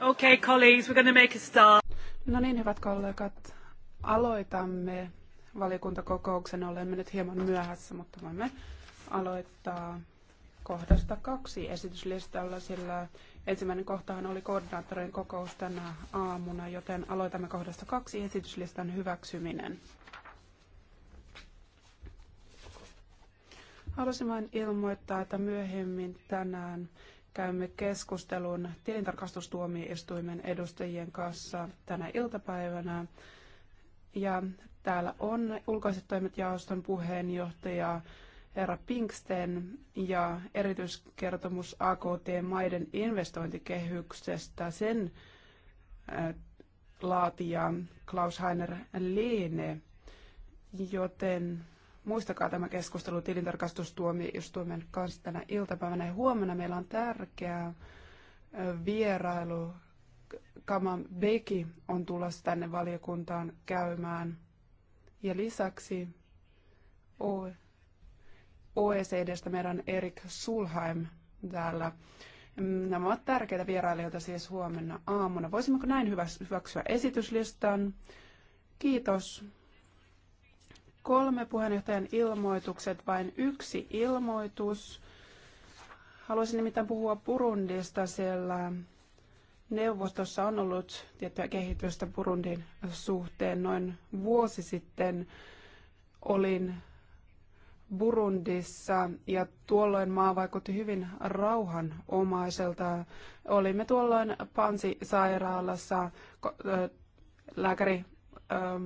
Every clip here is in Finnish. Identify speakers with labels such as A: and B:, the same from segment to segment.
A: Okay, colleagues, we're going to make a start. No niin, hyvät kollegat, aloitamme valiokuntakokouksen. Olemme nyt hieman myöhässä, mutta voimme aloittaa kohdasta kaksi esityslistalla, sillä ensimmäinen kohtahan oli koordinaattorin kokous tänä aamuna, joten aloitamme kohdasta kaksi esityslistan hyväksyminen. Haluaisin vain ilmoittaa, että myöhemmin tänään käymme keskustelun tilintarkastustuomioistuimen edustajien kanssa tänä iltapäivänä. Ja täällä on ulkoiset toimet jaoston puheenjohtaja herra Pinksten ja erityiskertomus AKT-maiden investointikehyksestä sen äh, laatija Klaus-Heiner Lehne, joten Muistakaa tämä keskustelu tilintarkastustuomioistuimen kanssa tänä iltapäivänä. Ja huomenna meillä on tärkeä vierailu. Kaman Beki on tulossa tänne valiokuntaan käymään. Ja lisäksi OECDstä meidän Erik Sulheim täällä. Nämä ovat tärkeitä vierailijoita siis huomenna aamuna. Voisimmeko näin hyväksyä esityslistan? Kiitos kolme puheenjohtajan ilmoitukset, vain yksi ilmoitus. Haluaisin nimittäin puhua Burundista, siellä neuvostossa on ollut tiettyä kehitystä Burundin suhteen. Noin vuosi sitten olin Burundissa ja tuolloin maa vaikutti hyvin rauhanomaiselta. Olimme tuolloin Pansi-sairaalassa lääkäri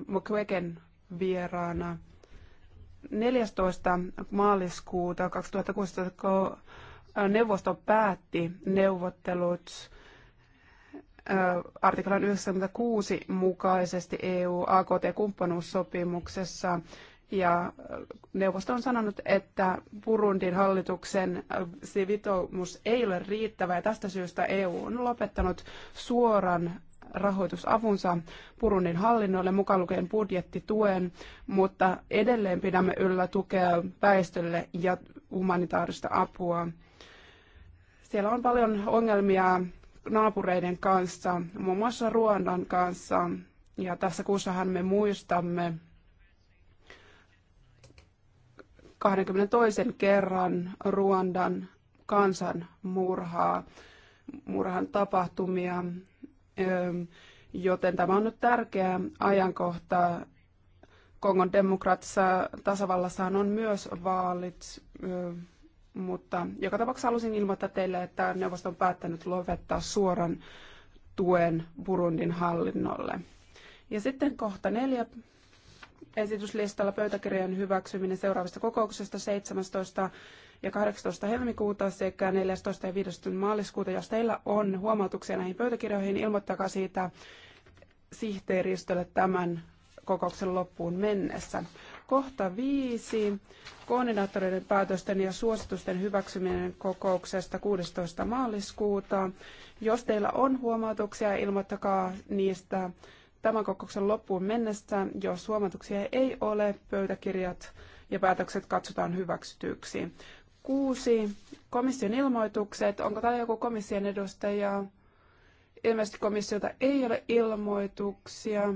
A: Mukweken vieraana. 14. maaliskuuta 2016 äh, neuvosto päätti neuvottelut äh, artiklan 96 mukaisesti EU-AKT-kumppanuussopimuksessa. Ja äh, neuvosto on sanonut, että Burundin hallituksen sivitoumus ei ole riittävä ja tästä syystä EU on lopettanut suoran rahoitusavunsa Purunin hallinnolle, mukaan lukien budjettituen, mutta edelleen pidämme yllä tukea väestölle ja humanitaarista apua. Siellä on paljon ongelmia naapureiden kanssa, muun muassa Ruandan kanssa, ja tässä kuussahan me muistamme 22. kerran Ruandan kansan murhaa, murhan tapahtumia joten tämä on nyt tärkeä ajankohta. Kongon demokraattisessa tasavallassahan on myös vaalit, mutta joka tapauksessa halusin ilmoittaa teille, että neuvosto on päättänyt lopettaa suoran tuen Burundin hallinnolle. Ja sitten kohta neljä esityslistalla pöytäkirjan hyväksyminen seuraavista kokouksesta 17 ja 18. helmikuuta sekä 14. ja 15. maaliskuuta. Jos teillä on huomautuksia näihin pöytäkirjoihin, ilmoittakaa siitä sihteeristölle tämän kokouksen loppuun mennessä. Kohta viisi. Koordinaattoreiden päätösten ja suositusten hyväksyminen kokouksesta 16. maaliskuuta. Jos teillä on huomautuksia, ilmoittakaa niistä tämän kokouksen loppuun mennessä. Jos huomautuksia ei ole, pöytäkirjat ja päätökset katsotaan hyväksytyksi. Kuusi. Komission ilmoitukset. Onko täällä joku komission edustaja? Ilmeisesti komissiota ei ole ilmoituksia.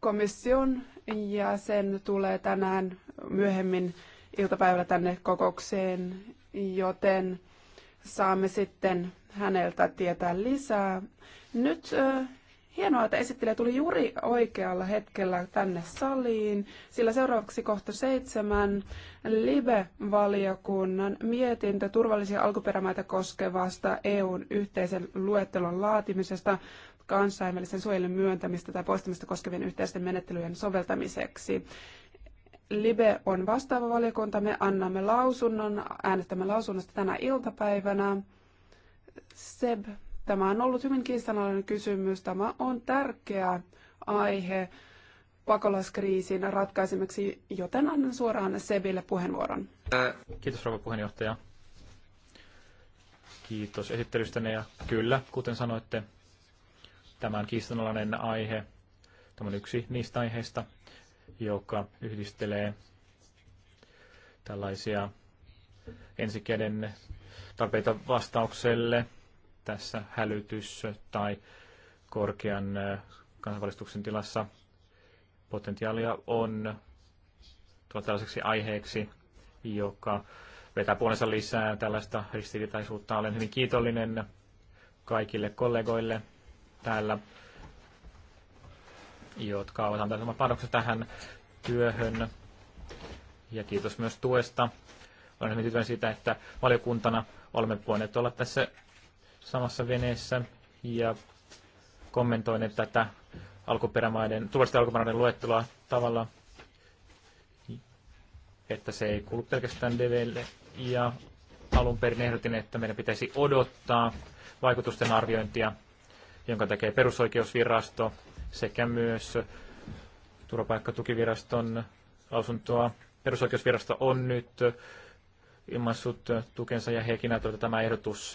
A: Komission jäsen tulee tänään myöhemmin iltapäivällä tänne kokoukseen, joten saamme sitten häneltä tietää lisää. Nyt Hienoa, että esittelijä tuli juuri oikealla hetkellä tänne saliin, sillä seuraavaksi kohta seitsemän LIBE-valiokunnan mietintö turvallisia alkuperämaita koskevasta EUn yhteisen luettelon laatimisesta kansainvälisen suojelun myöntämistä tai poistamista koskevien yhteisten menettelyjen soveltamiseksi. LIBE on vastaava valiokunta. Me annamme lausunnon, äänestämme lausunnosta tänä iltapäivänä. Seb Tämä on ollut hyvin kiistanalainen kysymys. Tämä on tärkeä aihe pakolaiskriisin ratkaisemiseksi, joten annan suoraan Sebille puheenvuoron.
B: Kiitos rouva puheenjohtaja. Kiitos esittelystänne ja kyllä, kuten sanoitte, tämä on kiistanalainen aihe. Tämä on yksi niistä aiheista, joka yhdistelee tällaisia ensikäden tarpeita vastaukselle – tässä hälytys- tai korkean kansanvalistuksen tilassa potentiaalia on tällaiseksi aiheeksi, joka vetää puolensa lisää tällaista ristiriitaisuutta. Olen hyvin kiitollinen kaikille kollegoille täällä, jotka ovat antaneet oman panoksen tähän työhön. Ja kiitos myös tuesta. Olen hyvin tyytyväinen siitä, että valiokuntana olemme voineet olla tässä samassa veneessä ja kommentoineet tätä alkuperämaiden, turvallisten alkuperämaiden luettelua tavalla, että se ei kuulu pelkästään DVlle. Ja alun perin ehdotin, että meidän pitäisi odottaa vaikutusten arviointia, jonka tekee perusoikeusvirasto sekä myös turvapaikkatukiviraston lausuntoa. Perusoikeusvirasto on nyt ilmaissut tukensa ja hekin tämä ehdotus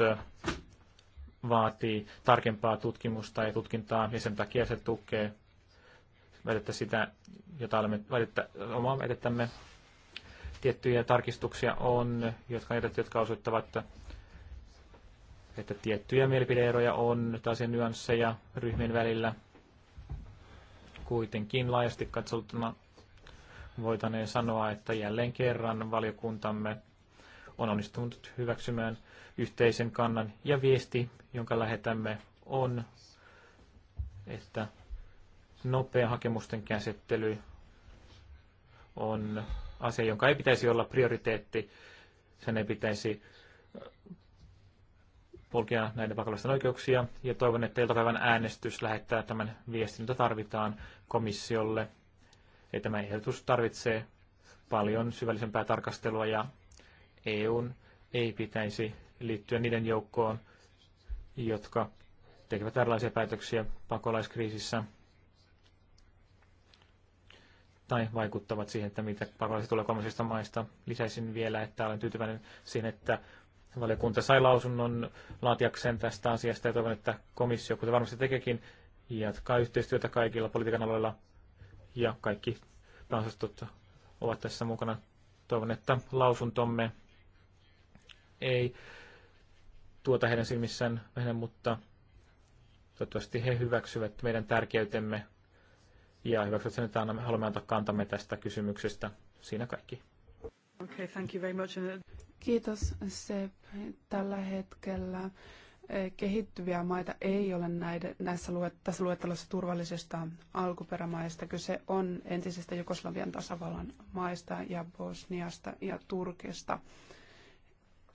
B: vaatii tarkempaa tutkimusta ja tutkintaa, ja sen takia se tukee väitettä sitä, jota olemme, väitettä, omaa väitettämme. Tiettyjä tarkistuksia on, jotka, on jätetty, jotka osoittavat, että, että tiettyjä mielipideeroja on, tällaisia nyansseja ryhmien välillä. Kuitenkin laajasti katsottuna voitaneen sanoa, että jälleen kerran valiokuntamme on onnistunut hyväksymään yhteisen kannan. Ja viesti, jonka lähetämme, on, että nopea hakemusten käsittely on asia, jonka ei pitäisi olla prioriteetti. Sen ei pitäisi äh, polkia näiden pakollisten oikeuksia. Ja toivon, että iltapäivän äänestys lähettää tämän viestin, jota tarvitaan komissiolle. Ja tämä ehdotus tarvitsee paljon syvällisempää tarkastelua ja EUn ei pitäisi liittyä niiden joukkoon, jotka tekevät tällaisia päätöksiä pakolaiskriisissä tai vaikuttavat siihen, että mitä pakolaiset tulee kolmansista maista. Lisäisin vielä, että olen tyytyväinen siihen, että valiokunta sai lausunnon laatiakseen tästä asiasta ja toivon, että komissio, kuten varmasti tekeekin, jatkaa yhteistyötä kaikilla politiikan aloilla ja kaikki kansastot ovat tässä mukana. Toivon, että lausuntomme ei tuota heidän silmissään vähän, mutta toivottavasti he hyväksyvät meidän tärkeytemme ja hyväksyvät sen, että annamme, haluamme antaa kantamme tästä kysymyksestä. Siinä kaikki.
A: Okay, thank you very much. Kiitos Seb. Tällä hetkellä eh, kehittyviä maita ei ole näiden, näissä luet, tässä luettelossa turvallisista alkuperämaista. Kyse on entisestä Jugoslavian tasavallan maista ja Bosniasta ja Turkista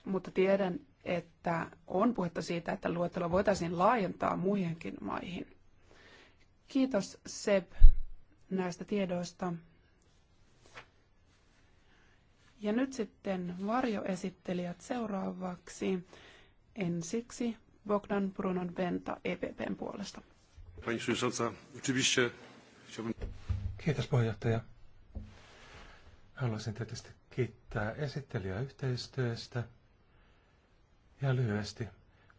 A: mutta tiedän, että on puhetta siitä, että luettelo voitaisiin laajentaa muihinkin maihin. Kiitos Seb näistä tiedoista. Ja nyt sitten varjoesittelijät seuraavaksi. Ensiksi Bogdan Brunon Venta EPPn puolesta.
C: Kiitos puheenjohtaja. Haluaisin tietysti kiittää esittelijäyhteistyöstä. yhteistyöstä – ja lyhyesti.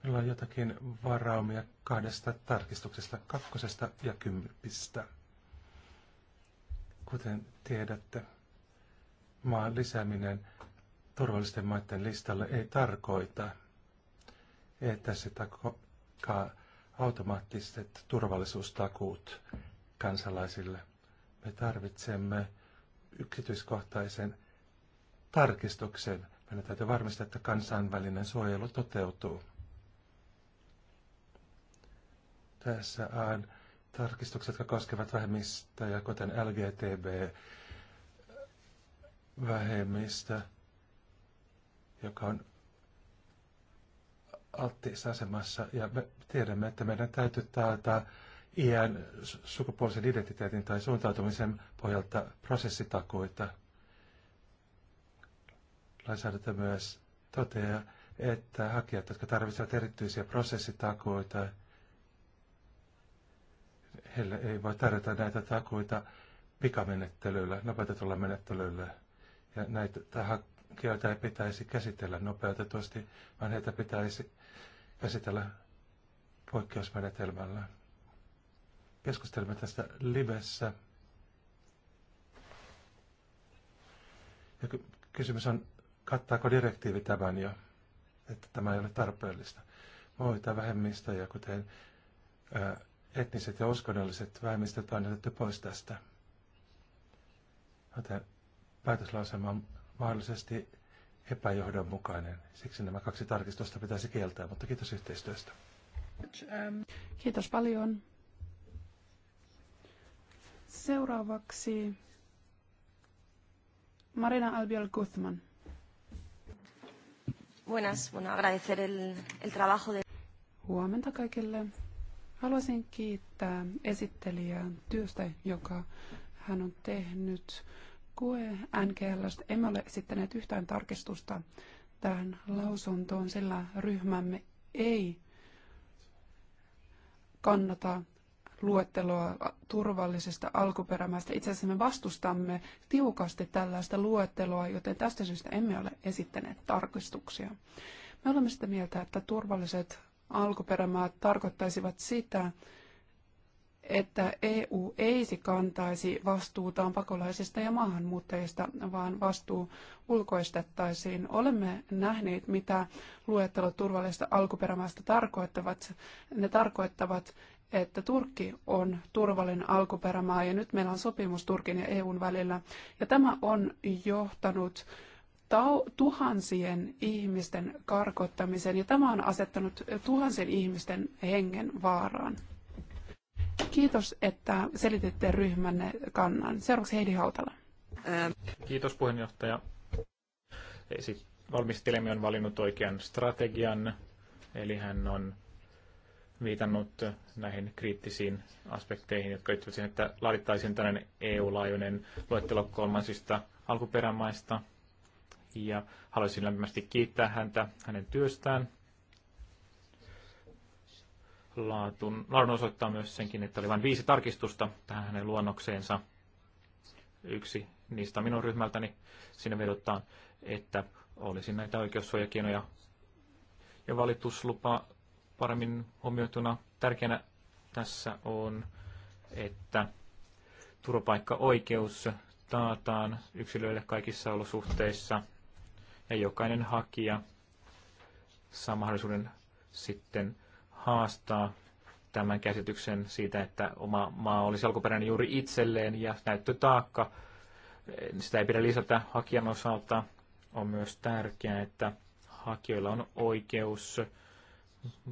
C: Meillä on jotakin varaumia kahdesta tarkistuksesta, kakkosesta ja kymppistä, Kuten tiedätte, maan lisääminen turvallisten maiden listalle ei tarkoita, että se takaa automaattiset turvallisuustakuut kansalaisille. Me tarvitsemme yksityiskohtaisen tarkistuksen meidän täytyy varmistaa, että kansainvälinen suojelu toteutuu. Tässä on tarkistukset, jotka koskevat vähemmistöjä, kuten LGTB, vähemmistä, joka on alttiissa asemassa. Ja me tiedämme, että meidän täytyy taata iän, sukupuolisen identiteetin tai suuntautumisen pohjalta prosessitakuita – lainsäädäntö myös toteaa, että hakijat, jotka tarvitsevat erityisiä prosessitakuita, heille ei voi tarjota näitä takuita pikamenettelyllä, nopeutetulla menettelyllä. Ja näitä hakijoita ei pitäisi käsitellä nopeutetusti, vaan heitä pitäisi käsitellä poikkeusmenetelmällä. Keskustelemme tästä livessä. Ja kysymys on Kattaako direktiivi tämän jo, että tämä ei ole tarpeellista? Muita vähemmistöjä, kuten etniset ja uskonnolliset vähemmistöt on jätetty pois tästä. Joten päätöslausema on mahdollisesti epäjohdonmukainen. Siksi nämä kaksi tarkistusta pitäisi kieltää, mutta kiitos yhteistyöstä.
A: Kiitos paljon. Seuraavaksi Marina Albiol Guzman.
C: Buenas, bueno, agradecer el, el trabajo de...
A: Huomenta kaikille. Haluaisin kiittää esittelijää työstä, joka hän on tehnyt. Kue NGL, emme ole esittäneet yhtään tarkistusta tähän lausuntoon, sillä ryhmämme ei kannata luetteloa turvallisesta alkuperämästä. Itse asiassa me vastustamme tiukasti tällaista luetteloa, joten tästä syystä emme ole esittäneet tarkistuksia. Me olemme sitä mieltä, että turvalliset alkuperämaat tarkoittaisivat sitä, että EU ei kantaisi vastuutaan pakolaisista ja maahanmuuttajista, vaan vastuu ulkoistettaisiin. Olemme nähneet, mitä luettelot turvallisesta alkuperämaasta tarkoittavat. Ne tarkoittavat, että Turkki on turvallinen alkuperämaa ja nyt meillä on sopimus Turkin ja EUn välillä. Ja tämä on johtanut tuhansien ihmisten karkottamiseen ja tämä on asettanut tuhansien ihmisten hengen vaaraan. Kiitos, että selititte ryhmänne kannan. Seuraavaksi Heidi Hautala.
B: Kiitos puheenjohtaja. Valmistelemme on valinnut oikean strategian, eli hän on viitannut näihin kriittisiin aspekteihin, jotka liittyvät siihen, että laadittaisiin tällainen EU-laajuinen luettelo kolmansista alkuperämaista. Ja haluaisin lämpimästi kiittää häntä hänen työstään. Laatun, laadun osoittaa myös senkin, että oli vain viisi tarkistusta tähän hänen luonnokseensa. Yksi niistä minun ryhmältäni. sinne vedotaan, että olisi näitä oikeussuojakienoja ja valituslupa paremmin huomioituna. Tärkeänä tässä on, että turvapaikkaoikeus taataan yksilöille kaikissa olosuhteissa ja jokainen hakija saa mahdollisuuden sitten haastaa tämän käsityksen siitä, että oma maa olisi alkuperäinen juuri itselleen ja näyttötaakka, niin sitä ei pidä lisätä hakijan osalta. On myös tärkeää, että hakijoilla on oikeus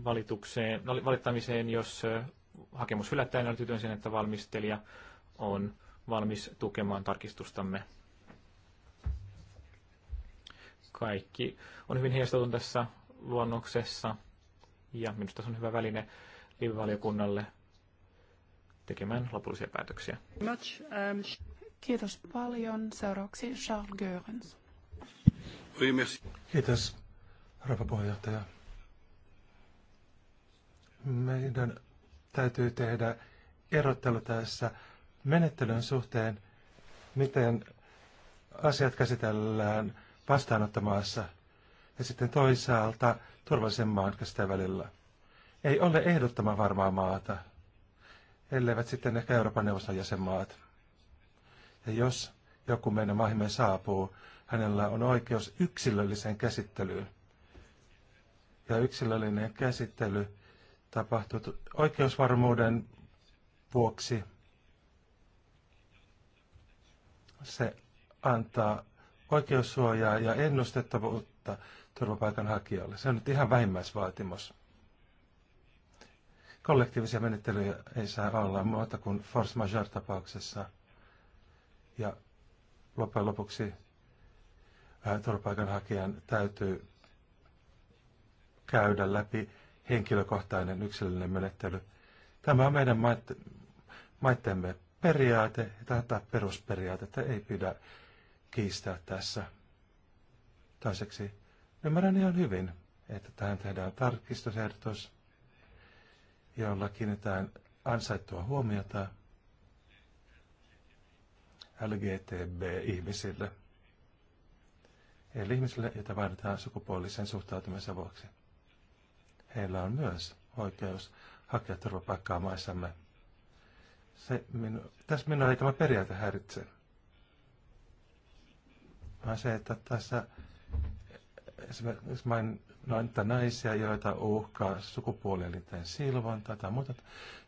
B: valitukseen, valittamiseen, jos hakemus hylätään, niin olen tyytyväinen sen, että valmistelija on valmis tukemaan tarkistustamme. Kaikki on hyvin heijastettu tässä luonnoksessa ja minusta se on hyvä väline liivivaliokunnalle tekemään lopullisia päätöksiä.
A: Kiitos paljon. Seuraavaksi Charles Görens.
C: Kiitos, rouva puheenjohtaja meidän täytyy tehdä erottelu tässä menettelyn suhteen, miten asiat käsitellään vastaanottamaassa ja sitten toisaalta turvallisen maan välillä. Ei ole ehdottoman varmaa maata, elleivät sitten ehkä Euroopan neuvoston jäsenmaat. Ja jos joku meidän maahimme saapuu, hänellä on oikeus yksilölliseen käsittelyyn. Ja yksilöllinen käsittely tapahtuu oikeusvarmuuden vuoksi. Se antaa oikeussuojaa ja ennustettavuutta turvapaikanhakijoille. Se on nyt ihan vähimmäisvaatimus. Kollektiivisia menettelyjä ei saa olla muuta kuin force majeure-tapauksessa. Ja loppujen lopuksi turvapaikanhakijan täytyy käydä läpi henkilökohtainen yksilöllinen menettely. Tämä on meidän maittemme periaate, tätä perusperiaatetta ei pidä kiistää tässä. Toiseksi ymmärrän ihan hyvin, että tähän tehdään tarkistusehdotus, jolla kiinnitetään ansaittua huomiota LGTB-ihmisille, eli ihmisille, joita vaaditaan sukupuolisen suhtautumisen vuoksi heillä on myös oikeus hakea turvapaikkaa maissamme. Se minu, tässä minua ei tämä periaate häiritse. Vaan se, että tässä esimerkiksi että naisia, joita uhkaa sukupuolielinten silvonta tai muita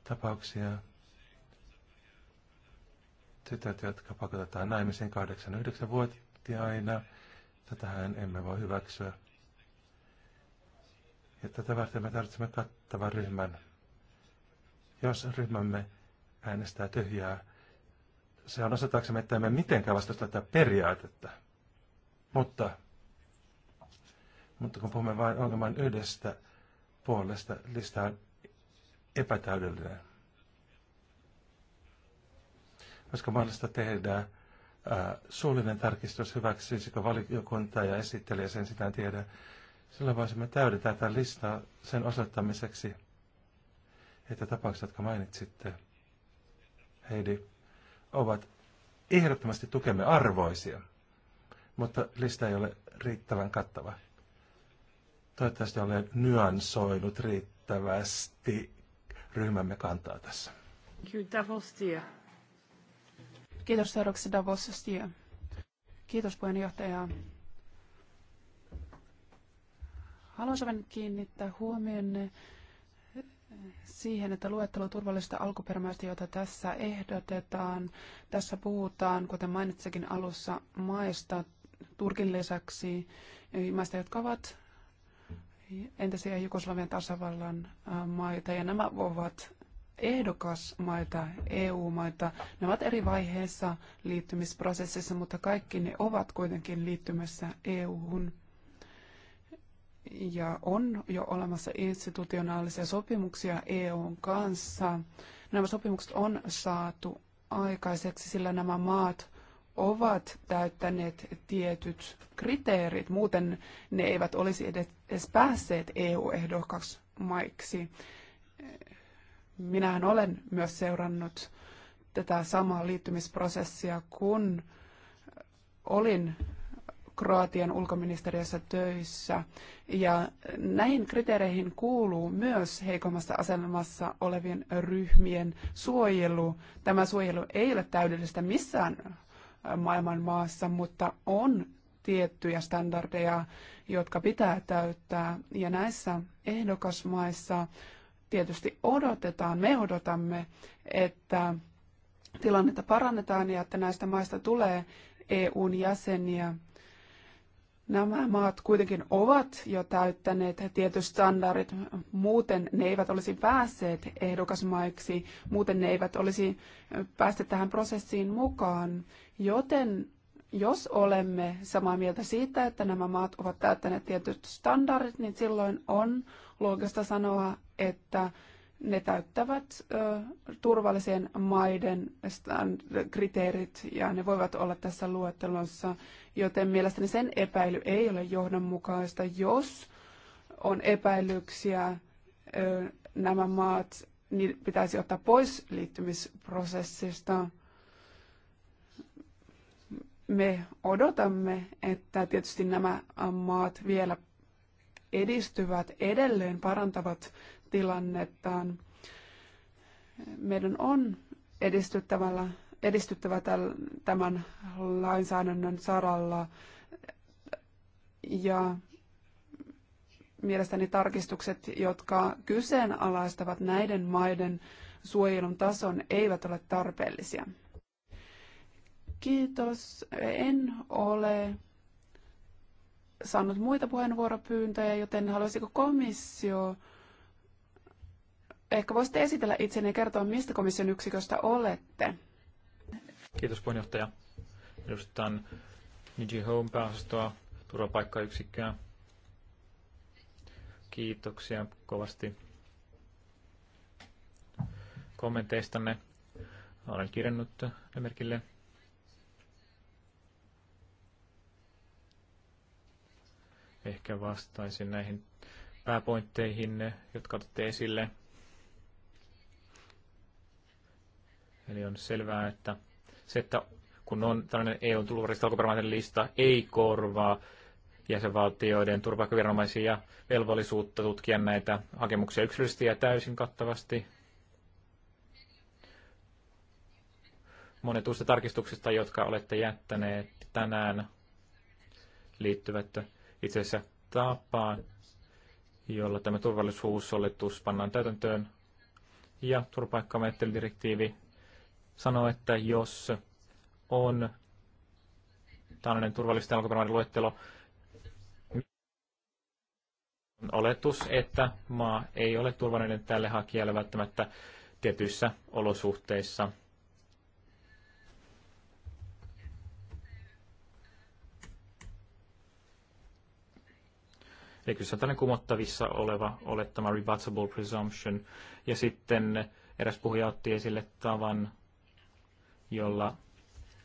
C: tapauksia. Tytöt, jotka pakotetaan naimisiin 8-9-vuotiaina. Tätähän emme voi hyväksyä. Ja tätä varten me tarvitsemme kattavan ryhmän. Jos ryhmämme äänestää tyhjää, se on osataksemme, että emme mitenkään vastusta tätä periaatetta. Mutta, mutta kun puhumme vain ongelman yhdestä puolesta, lista on epätäydellinen. Olisiko mahdollista tehdä suullinen tarkistus hyväksyisikö valiokunta ja esittelijä sen sitä en tiedä, sillä voisimme täydentää tätä listaa sen osoittamiseksi, että tapaukset, jotka mainitsitte, Heidi, ovat ehdottomasti tukemme arvoisia, mutta lista ei ole riittävän kattava. Toivottavasti olen nyansoinut riittävästi ryhmämme kantaa tässä.
A: Kiitos seuraavaksi Davos Kiitos puheenjohtaja. Haluaisin kiinnittää huomionne siihen, että luettelo turvallisista alkuperämaista, joita tässä ehdotetaan, tässä puhutaan, kuten mainitsikin alussa, maista Turkin lisäksi, maista, jotka ovat entisiä Jugoslavian tasavallan maita, ja nämä ovat ehdokasmaita, EU-maita. Ne ovat eri vaiheessa liittymisprosessissa, mutta kaikki ne ovat kuitenkin liittymässä EU-hun ja on jo olemassa institutionaalisia sopimuksia EUn kanssa. Nämä sopimukset on saatu aikaiseksi, sillä nämä maat ovat täyttäneet tietyt kriteerit, muuten ne eivät olisi edes päässeet EU-ehdokkaaksi maiksi. Minähän olen myös seurannut tätä samaa liittymisprosessia, kun olin Kroatian ulkoministeriössä töissä. Ja näihin kriteereihin kuuluu myös heikommassa asemassa olevien ryhmien suojelu. Tämä suojelu ei ole täydellistä missään äh, maailman maassa, mutta on tiettyjä standardeja, jotka pitää täyttää. Ja näissä ehdokasmaissa tietysti odotetaan, me odotamme, että tilannetta parannetaan ja että näistä maista tulee EUn jäseniä. Nämä maat kuitenkin ovat jo täyttäneet tietyt standardit, muuten ne eivät olisi päässeet ehdokasmaiksi, muuten ne eivät olisi päässeet tähän prosessiin mukaan. Joten jos olemme samaa mieltä siitä, että nämä maat ovat täyttäneet tietyt standardit, niin silloin on loogista sanoa, että ne täyttävät turvallisen maiden kriteerit ja ne voivat olla tässä luettelossa, joten mielestäni sen epäily ei ole johdonmukaista, jos on epäilyksiä, nämä maat niin pitäisi ottaa pois liittymisprosessista. Me odotamme, että tietysti nämä maat vielä edistyvät, edelleen parantavat tilannettaan. Meidän on edistyttävällä, edistyttävä tämän lainsäädännön saralla ja mielestäni tarkistukset, jotka kyseenalaistavat näiden maiden suojelun tason, eivät ole tarpeellisia. Kiitos. En ole saanut muita puheenvuoropyyntöjä, joten haluaisiko komissio Ehkä voisitte esitellä itsenne ja kertoa, mistä komission yksiköstä olette.
B: Kiitos puheenjohtaja. Edustan Niji Home pääosastoa, turvapaikkayksikköä. Kiitoksia kovasti kommenteistanne. Olen kirjannut ne merkille. Ehkä vastaisin näihin pääpointteihin, jotka otatte esille. Eli on selvää, että se, että kun on tällainen EUn tulvarista alkuperämaiden lista, ei korvaa jäsenvaltioiden turvapaikkaviranomaisia velvollisuutta tutkia näitä hakemuksia yksilöllisesti ja täysin kattavasti. Monet uusista tarkistuksista, jotka olette jättäneet tänään, liittyvät itse asiassa tapaan, jolla tämä turvallisuusoletus pannaan täytäntöön ja turvapaikkamenettelydirektiivi sanoo, että jos on tällainen turvallisten alkuperämaiden luettelo, on oletus, että maa ei ole turvallinen tälle hakijalle välttämättä tietyissä olosuhteissa. Eli kyllä se on tällainen kumottavissa oleva olettama rebuttable presumption. Ja sitten eräs puhuja otti esille tavan jolla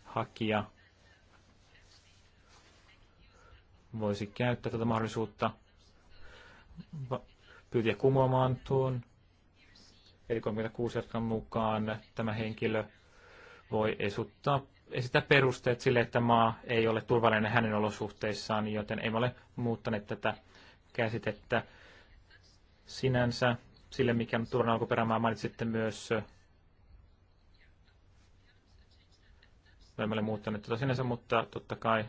B: hakija voisi käyttää tätä mahdollisuutta pyytiä kumoamaan tuon. Eli 36 jatkan mukaan tämä henkilö voi esuttaa, esittää perusteet sille, että maa ei ole turvallinen hänen olosuhteissaan, joten emme ole muuttaneet tätä käsitettä sinänsä sille, mikä on turvallinen alkuperämaa. Mainitsitte myös tai me olemme muuttanut tuota sinänsä, mutta totta kai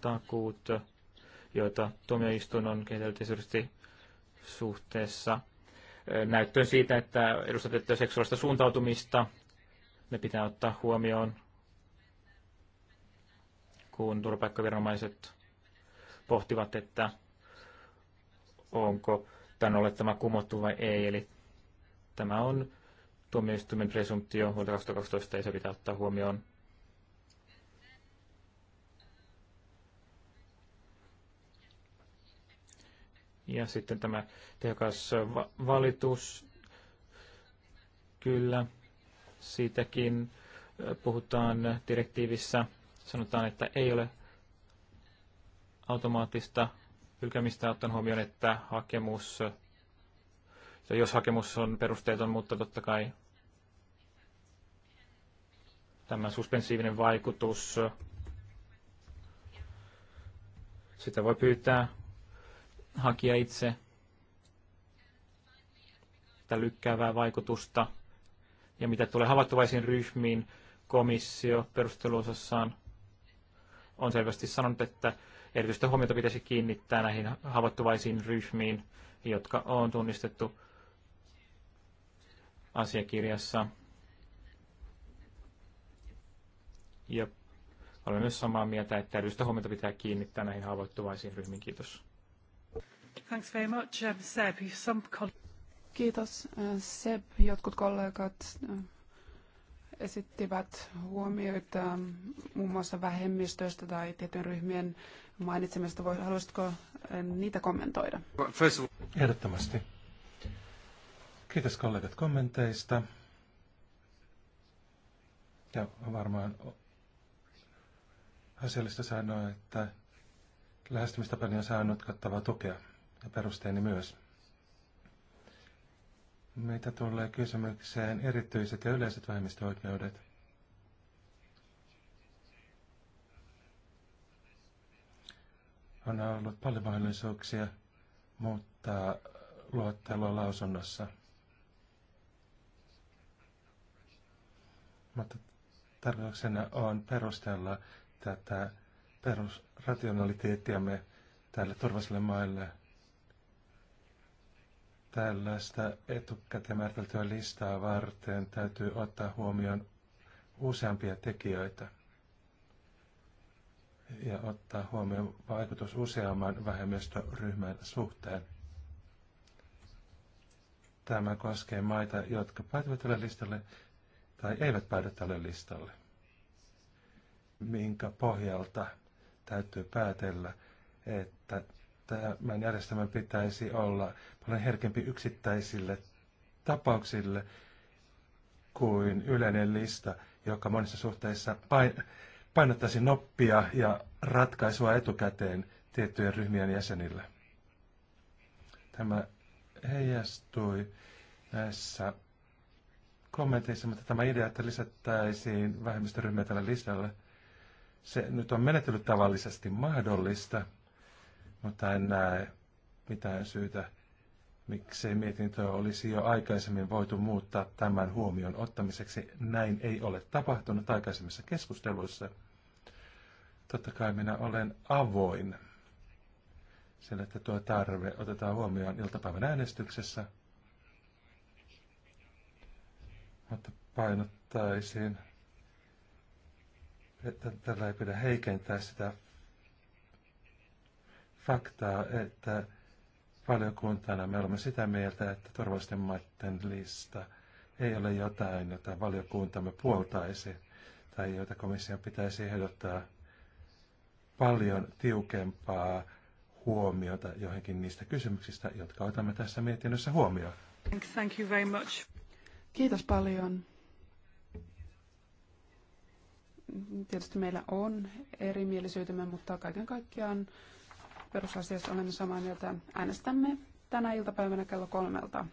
B: takuut, joita tuomioistuin on kehitelty suhteessa eh, näyttöön siitä, että edustatettuja seksuaalista suuntautumista, ne pitää ottaa huomioon, kun turvapaikkaviranomaiset pohtivat, että onko tämän olettama kumottu vai ei. Eli tämä on tuomioistuimen presumptio vuodelta 2012 ei se pitää ottaa huomioon. Ja sitten tämä tehokas va- valitus, kyllä, siitäkin puhutaan direktiivissä. Sanotaan, että ei ole automaattista hylkämistä ottaen huomioon, että hakemus, jos hakemus on perusteeton, mutta totta kai tämä suspensiivinen vaikutus. Sitä voi pyytää hakija itse tätä lykkäävää vaikutusta. Ja mitä tulee havaittuvaisiin ryhmiin, komissio perusteluosassaan on selvästi sanonut, että erityistä huomiota pitäisi kiinnittää näihin havaittuvaisiin ryhmiin, jotka on tunnistettu asiakirjassa. Ja olen myös samaa mieltä, että erityistä huomiota pitää kiinnittää näihin haavoittuvaisiin ryhmiin. Kiitos.
A: Thanks very much, um, Seb. Some Kiitos uh, Seb. Jotkut kollegat uh, esittivät huomioita um, muun muassa vähemmistöistä tai tietyn ryhmien mainitsemista. Haluaisitko uh, niitä kommentoida?
C: Ehdottomasti. Kiitos kollegat kommenteista. Ja varmaan asiallista sanoa, että lähestymistapani on saanut kattavaa tukea ja perusteeni myös. Meitä tulee kysymykseen erityiset ja yleiset vähemmistöoikeudet. On ollut paljon mahdollisuuksia muuttaa luettelua lausunnossa. Mutta tarkoituksena on perustella tätä perusrationaliteettiamme tälle turvalliselle maille. Tällaista etukäteen määriteltyä listaa varten täytyy ottaa huomioon useampia tekijöitä ja ottaa huomioon vaikutus useamman vähemmistöryhmän suhteen. Tämä koskee maita, jotka päätyvät tälle listalle tai eivät päädy tälle listalle minkä pohjalta täytyy päätellä, että tämän järjestelmän pitäisi olla paljon herkempi yksittäisille tapauksille kuin yleinen lista, joka monissa suhteissa pain, painottaisi noppia ja ratkaisua etukäteen tiettyjen ryhmien jäsenille. Tämä heijastui näissä kommenteissa, mutta tämä idea, että lisättäisiin vähemmistöryhmiä tällä listalle – se nyt on tavallisesti mahdollista, mutta en näe mitään syytä, miksei mietintöä olisi jo aikaisemmin voitu muuttaa tämän huomion ottamiseksi. Näin ei ole tapahtunut aikaisemmissa keskusteluissa. Totta kai minä olen avoin sillä, että tuo tarve otetaan huomioon iltapäivän äänestyksessä. Mutta painottaisin että tällä ei pidä heikentää sitä faktaa, että valiokuntana me olemme sitä mieltä, että turvallisten maiden lista ei ole jotain, jota valiokuntamme puoltaisi tai joita komission pitäisi ehdottaa paljon tiukempaa huomiota johonkin niistä kysymyksistä, jotka otamme tässä mietinnössä huomioon.
A: Thank you very much. Kiitos paljon. Tietysti meillä on erimielisyytemme, mutta kaiken kaikkiaan perusasiassa olemme samaa mieltä. Äänestämme tänä iltapäivänä kello kolmelta.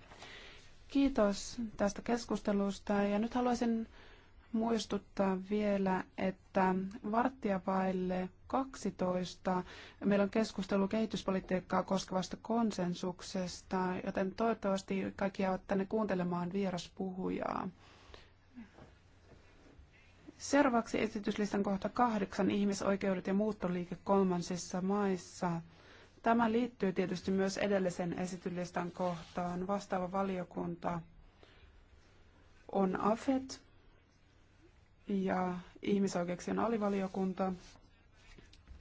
A: Kiitos tästä keskustelusta ja nyt haluaisin muistuttaa vielä, että varttia vaille 12 meillä on keskustelu kehityspolitiikkaa koskevasta konsensuksesta, joten toivottavasti kaikki jäävät tänne kuuntelemaan vieraspuhujaa. Seuraavaksi esityslistan kohta kahdeksan ihmisoikeudet ja muuttoliike kolmansissa maissa. Tämä liittyy tietysti myös edellisen esityslistan kohtaan. Vastaava valiokunta on AFET ja ihmisoikeuksien alivaliokunta.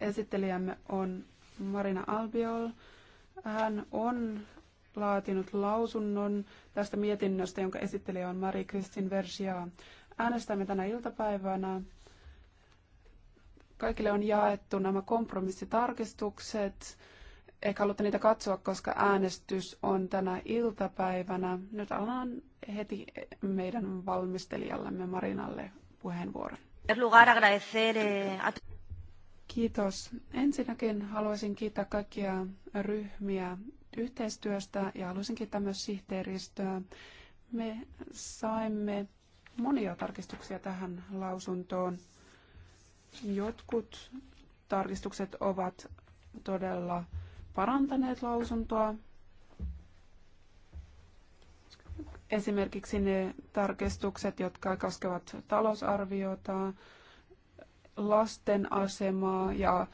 A: Esittelijämme on Marina Albiol. Hän on laatinut lausunnon tästä mietinnöstä, jonka esittelijä on Marie Kristin Vergia. Äänestämme tänä iltapäivänä. Kaikille on jaettu nämä kompromissitarkistukset. Ehkä haluatte niitä katsoa, koska äänestys on tänä iltapäivänä. Nyt annan heti meidän valmistelijallemme Marinalle puheenvuoron. Kiitos. Ensinnäkin haluaisin kiittää kaikkia ryhmiä yhteistyöstä ja haluaisin kiittää myös sihteeristöä. Me saimme monia tarkistuksia tähän lausuntoon. Jotkut tarkistukset ovat todella parantaneet lausuntoa. Esimerkiksi ne tarkistukset, jotka koskevat talousarviota, lasten asemaa ja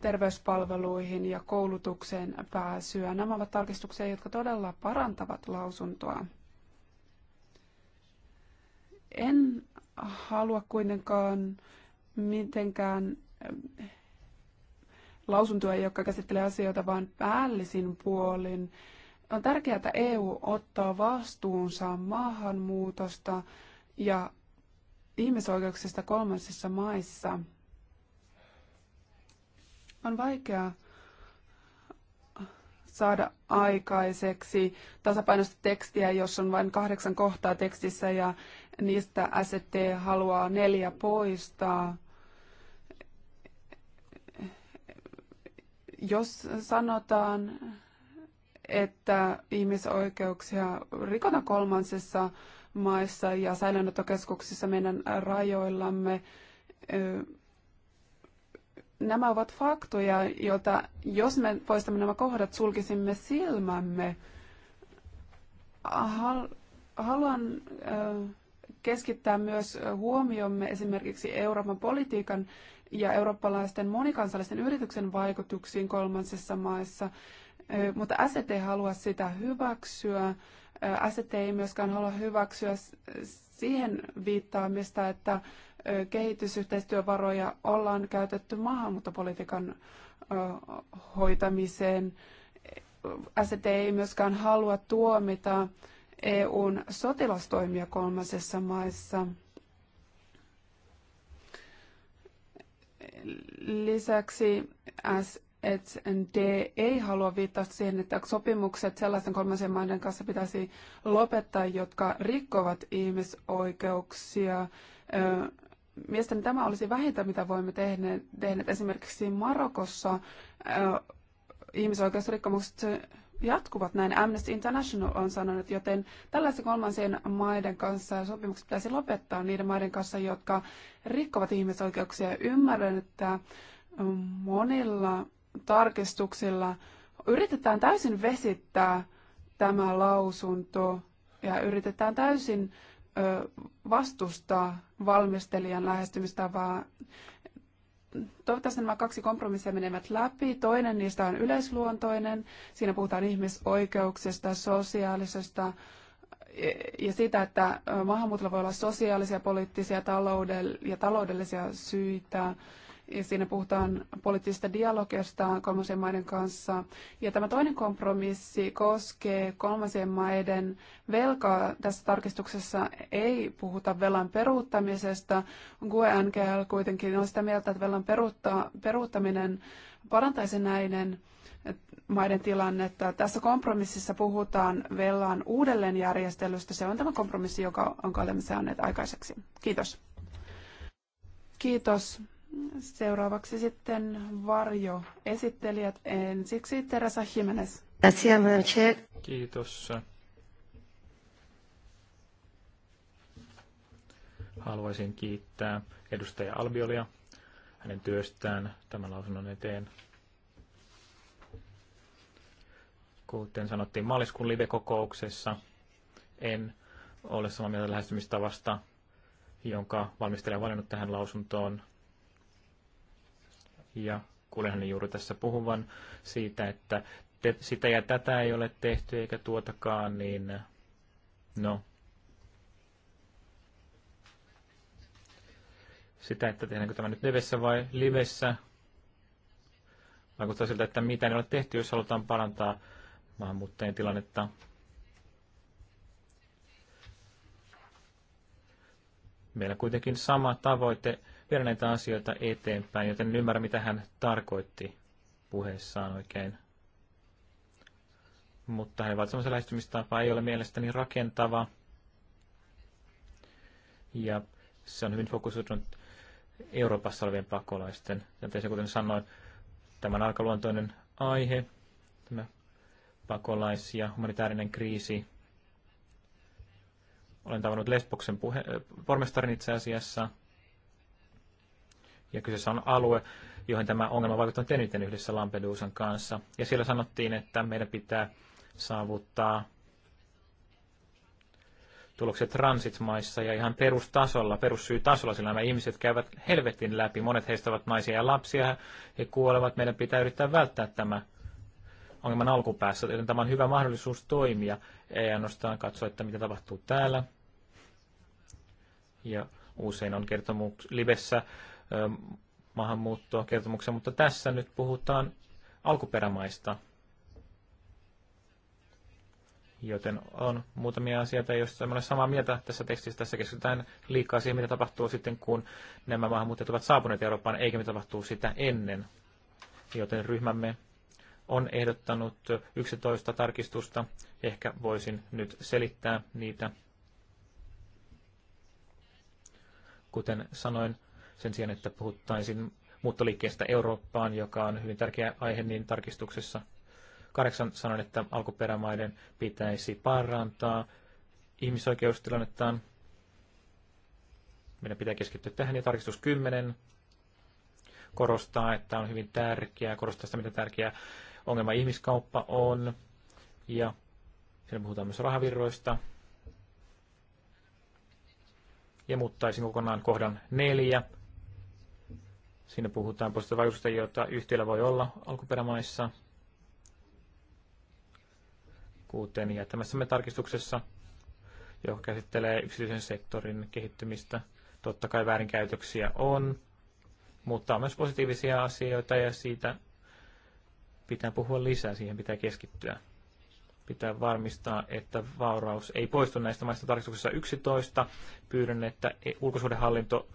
A: terveyspalveluihin ja koulutukseen pääsyä. Nämä ovat tarkistuksia, jotka todella parantavat lausuntoa. En halua kuitenkaan mitenkään eh, lausuntoa, joka käsittelee asioita vain päällisin puolin. On tärkeää, että EU ottaa vastuunsa maahanmuutosta ja ihmisoikeuksista kolmansissa maissa. On vaikea saada aikaiseksi tasapainosta tekstiä, jos on vain kahdeksan kohtaa tekstissä ja Niistä ST haluaa neljä poistaa. Jos sanotaan, että ihmisoikeuksia rikotaan kolmansissa maissa ja säilöönottokeskuksissa meidän rajoillamme, nämä ovat faktoja, joita jos me poistamme nämä kohdat, sulkisimme silmämme. Haluan äh, keskittää myös huomiomme esimerkiksi Euroopan politiikan ja eurooppalaisten monikansallisten yrityksen vaikutuksiin kolmansissa maissa, mutta SET ei halua sitä hyväksyä. SET ei myöskään halua hyväksyä siihen viittaamista, että kehitysyhteistyövaroja ollaan käytetty maahanmuuttopolitiikan hoitamiseen. SET ei myöskään halua tuomita EUn sotilastoimia kolmasessa maissa. Lisäksi SD ei halua viittaa siihen, että sopimukset sellaisten kolmansien maiden kanssa pitäisi lopettaa, jotka rikkovat ihmisoikeuksia. Mielestäni tämä olisi vähintä, mitä voimme tehdä. Esimerkiksi Marokossa ihmisoikeusrikkomukset jatkuvat, näin Amnesty International on sanonut, joten tällaisen kolmansien maiden kanssa sopimukset pitäisi lopettaa niiden maiden kanssa, jotka rikkovat ihmisoikeuksia. Ymmärrän, että monilla tarkistuksilla yritetään täysin vesittää tämä lausunto ja yritetään täysin vastustaa valmistelijan vaan Toivottavasti nämä kaksi kompromissia menevät läpi. Toinen niistä on yleisluontoinen. Siinä puhutaan ihmisoikeuksista, sosiaalisesta ja siitä, että maahanmuutolla voi olla sosiaalisia, poliittisia taloudell- ja taloudellisia syitä Siinä puhutaan poliittisesta dialogista kolmansien maiden kanssa. Ja tämä toinen kompromissi koskee kolmansien maiden velkaa. Tässä tarkistuksessa ei puhuta velan peruuttamisesta. GUE-NGL kuitenkin on sitä mieltä, että velan peruutta, peruuttaminen parantaisi näiden maiden tilannetta. Tässä kompromississa puhutaan velan uudelleenjärjestelystä. Se on tämä kompromissi, joka on olemme saaneet aikaiseksi. Kiitos. Kiitos. Seuraavaksi sitten varjo esittelijät. Ensiksi Teresa Jimenez.
B: Kiitos. Haluaisin kiittää edustaja Albiolia hänen työstään tämän lausunnon eteen. Kuten sanottiin maaliskuun live-kokouksessa, en ole samaa mieltä lähestymistavasta, jonka valmistelija on valinnut tähän lausuntoon – ja kuulenhan juuri tässä puhuvan siitä, että te, sitä ja tätä ei ole tehty eikä tuotakaan, niin no. Sitä, että tehdäänkö tämä nyt levessä vai livessä, vaikuttaa siltä, että mitä ei ole tehty, jos halutaan parantaa maahanmuuttajien tilannetta. Meillä kuitenkin sama tavoite viedä näitä asioita eteenpäin, joten en ymmärrä, mitä hän tarkoitti puheessaan oikein. Mutta hänen valitsemansa lähestymistapa ei ole mielestäni rakentava. Ja se on hyvin fokusoitunut Euroopassa olevien pakolaisten. Ja kuten sanoin, tämän alkaluontoinen aihe, tämä pakolais- ja humanitaarinen kriisi. Olen tavannut Lesboksen puhe- pormestarin itse asiassa, ja kyseessä on alue, johon tämä ongelma vaikuttaa eniten yhdessä Lampedusan kanssa. Ja siellä sanottiin, että meidän pitää saavuttaa tulokset transitmaissa ja ihan perustasolla, perussyytasolla, sillä nämä ihmiset käyvät helvetin läpi. Monet heistä ovat naisia ja lapsia, he kuolevat. Meidän pitää yrittää välttää tämä ongelman alkupäässä, joten tämä on hyvä mahdollisuus toimia. Ei ainoastaan katsoa, että mitä tapahtuu täällä. Ja usein on kertomus Libessä maahanmuuttoa kertomuksen, mutta tässä nyt puhutaan alkuperämaista. Joten on muutamia asioita, joista en ole samaa mieltä tässä tekstissä. Tässä keskitytään liikaa siihen, mitä tapahtuu sitten, kun nämä maahanmuuttajat ovat saapuneet Eurooppaan, eikä mitä tapahtuu sitä ennen. Joten ryhmämme on ehdottanut 11 tarkistusta. Ehkä voisin nyt selittää niitä. Kuten sanoin, sen sijaan, että puhuttaisiin muuttoliikkeestä Eurooppaan, joka on hyvin tärkeä aihe, niin tarkistuksessa kahdeksan sanon, että alkuperämaiden pitäisi parantaa ihmisoikeustilannettaan. Meidän pitää keskittyä tähän ja tarkistus 10 korostaa, että on hyvin tärkeää, korostaa sitä, mitä tärkeää ongelma ihmiskauppa on. Ja siinä puhutaan myös rahavirroista. Ja muuttaisin kokonaan kohdan neljä Siinä puhutaan positiivista vaikutusta, jota yhtiöllä voi olla alkuperämaissa, kuten jättämässämme tarkistuksessa, joka käsittelee yksityisen sektorin kehittymistä. Totta kai väärinkäytöksiä on, mutta on myös positiivisia asioita ja siitä pitää puhua lisää, siihen pitää keskittyä. Pitää varmistaa, että vauraus ei poistu näistä maista tarkistuksessa 11. Pyydän, että ulkosuhdehallinto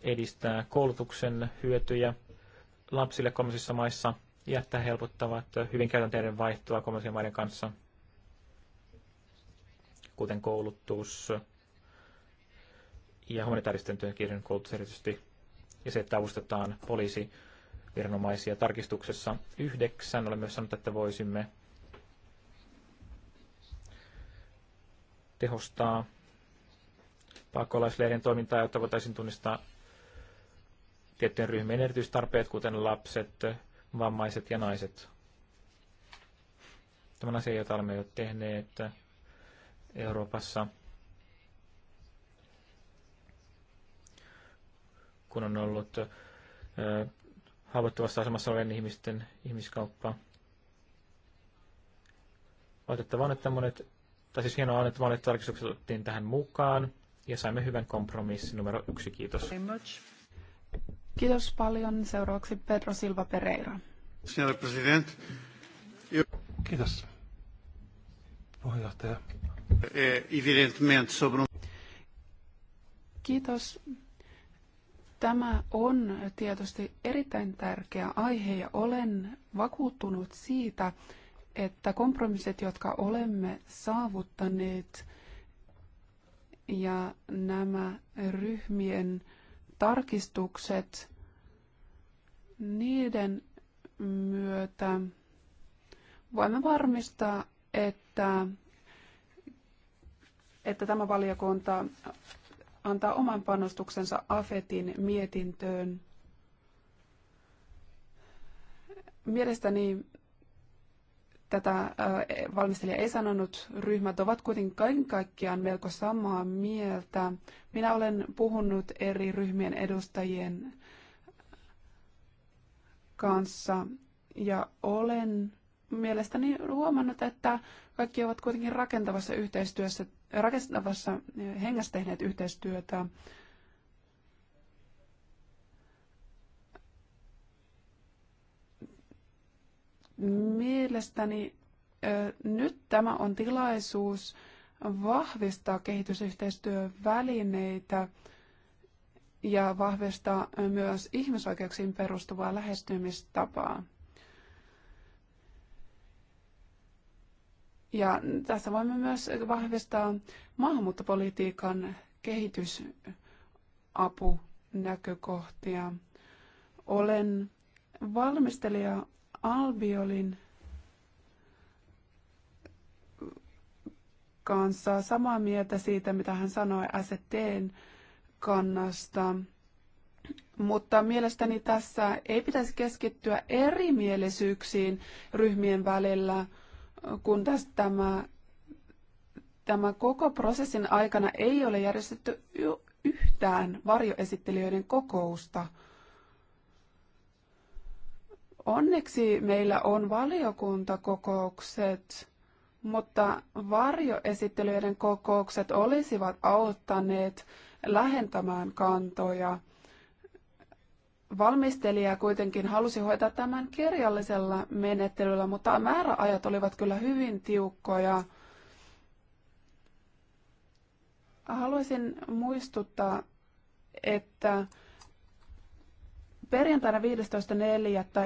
B: edistää koulutuksen hyötyjä lapsille kolmansissa maissa ja että helpottavat hyvin käytänteiden vaihtoa kolmansien maiden kanssa, kuten koulutus ja humanitaaristen työntekijöiden koulutus erityisesti, ja se, että avustetaan viranomaisia tarkistuksessa yhdeksän. Olen myös sanonut, että voisimme tehostaa pakolaisleirien toimintaa, jotta voitaisiin tunnistaa tiettyjen ryhmien erityistarpeet, kuten lapset, vammaiset ja naiset. Tämän asian, jota olemme jo tehneet Euroopassa, kun on ollut haavoittuvassa asemassa olevien ihmisten ihmiskauppa. Valitettavaa on, että monet, tai siis hienoa on, että monet tarkistukset otettiin tähän mukaan ja saimme hyvän kompromissin numero yksi.
C: Kiitos.
A: Kiitos paljon. Seuraavaksi Pedro Silva Pereira.
C: Signora President. Kiitos, puheenjohtaja. Evidentemente sobre um- Kiitos.
A: Tämä on tietysti erittäin tärkeä aihe ja olen vakuuttunut siitä, että kompromissit, jotka olemme saavuttaneet ja nämä ryhmien tarkistukset, niiden myötä voimme varmistaa, että, että tämä valiokunta antaa oman panostuksensa AFETin mietintöön. Mielestäni tätä valmistelija ei sanonut. Ryhmät ovat kuitenkin kaiken kaikkiaan melko samaa mieltä. Minä olen puhunut eri ryhmien edustajien kanssa ja olen mielestäni huomannut, että kaikki ovat kuitenkin rakentavassa yhteistyössä, rakentavassa hengessä tehneet yhteistyötä. Mielestäni nyt tämä on tilaisuus vahvistaa kehitysyhteistyövälineitä ja vahvistaa myös ihmisoikeuksiin perustuvaa lähestymistapaa. Ja tässä voimme myös vahvistaa maahanmuuttopolitiikan kehitysapunäkökohtia. Olen valmistelija albiolin kanssa samaa mieltä siitä, mitä hän sanoi STn kannasta. Mutta mielestäni tässä ei pitäisi keskittyä erimielisyyksiin ryhmien välillä, kun tässä tämä, tämä koko prosessin aikana ei ole järjestetty yhtään varjoesittelijöiden kokousta – Onneksi meillä on valiokuntakokoukset, mutta varjoesittelyiden kokoukset olisivat auttaneet lähentämään kantoja. Valmistelija kuitenkin halusi hoitaa tämän kirjallisella menettelyllä, mutta määräajat olivat kyllä hyvin tiukkoja. Haluaisin muistuttaa, että Perjantaina 15.4.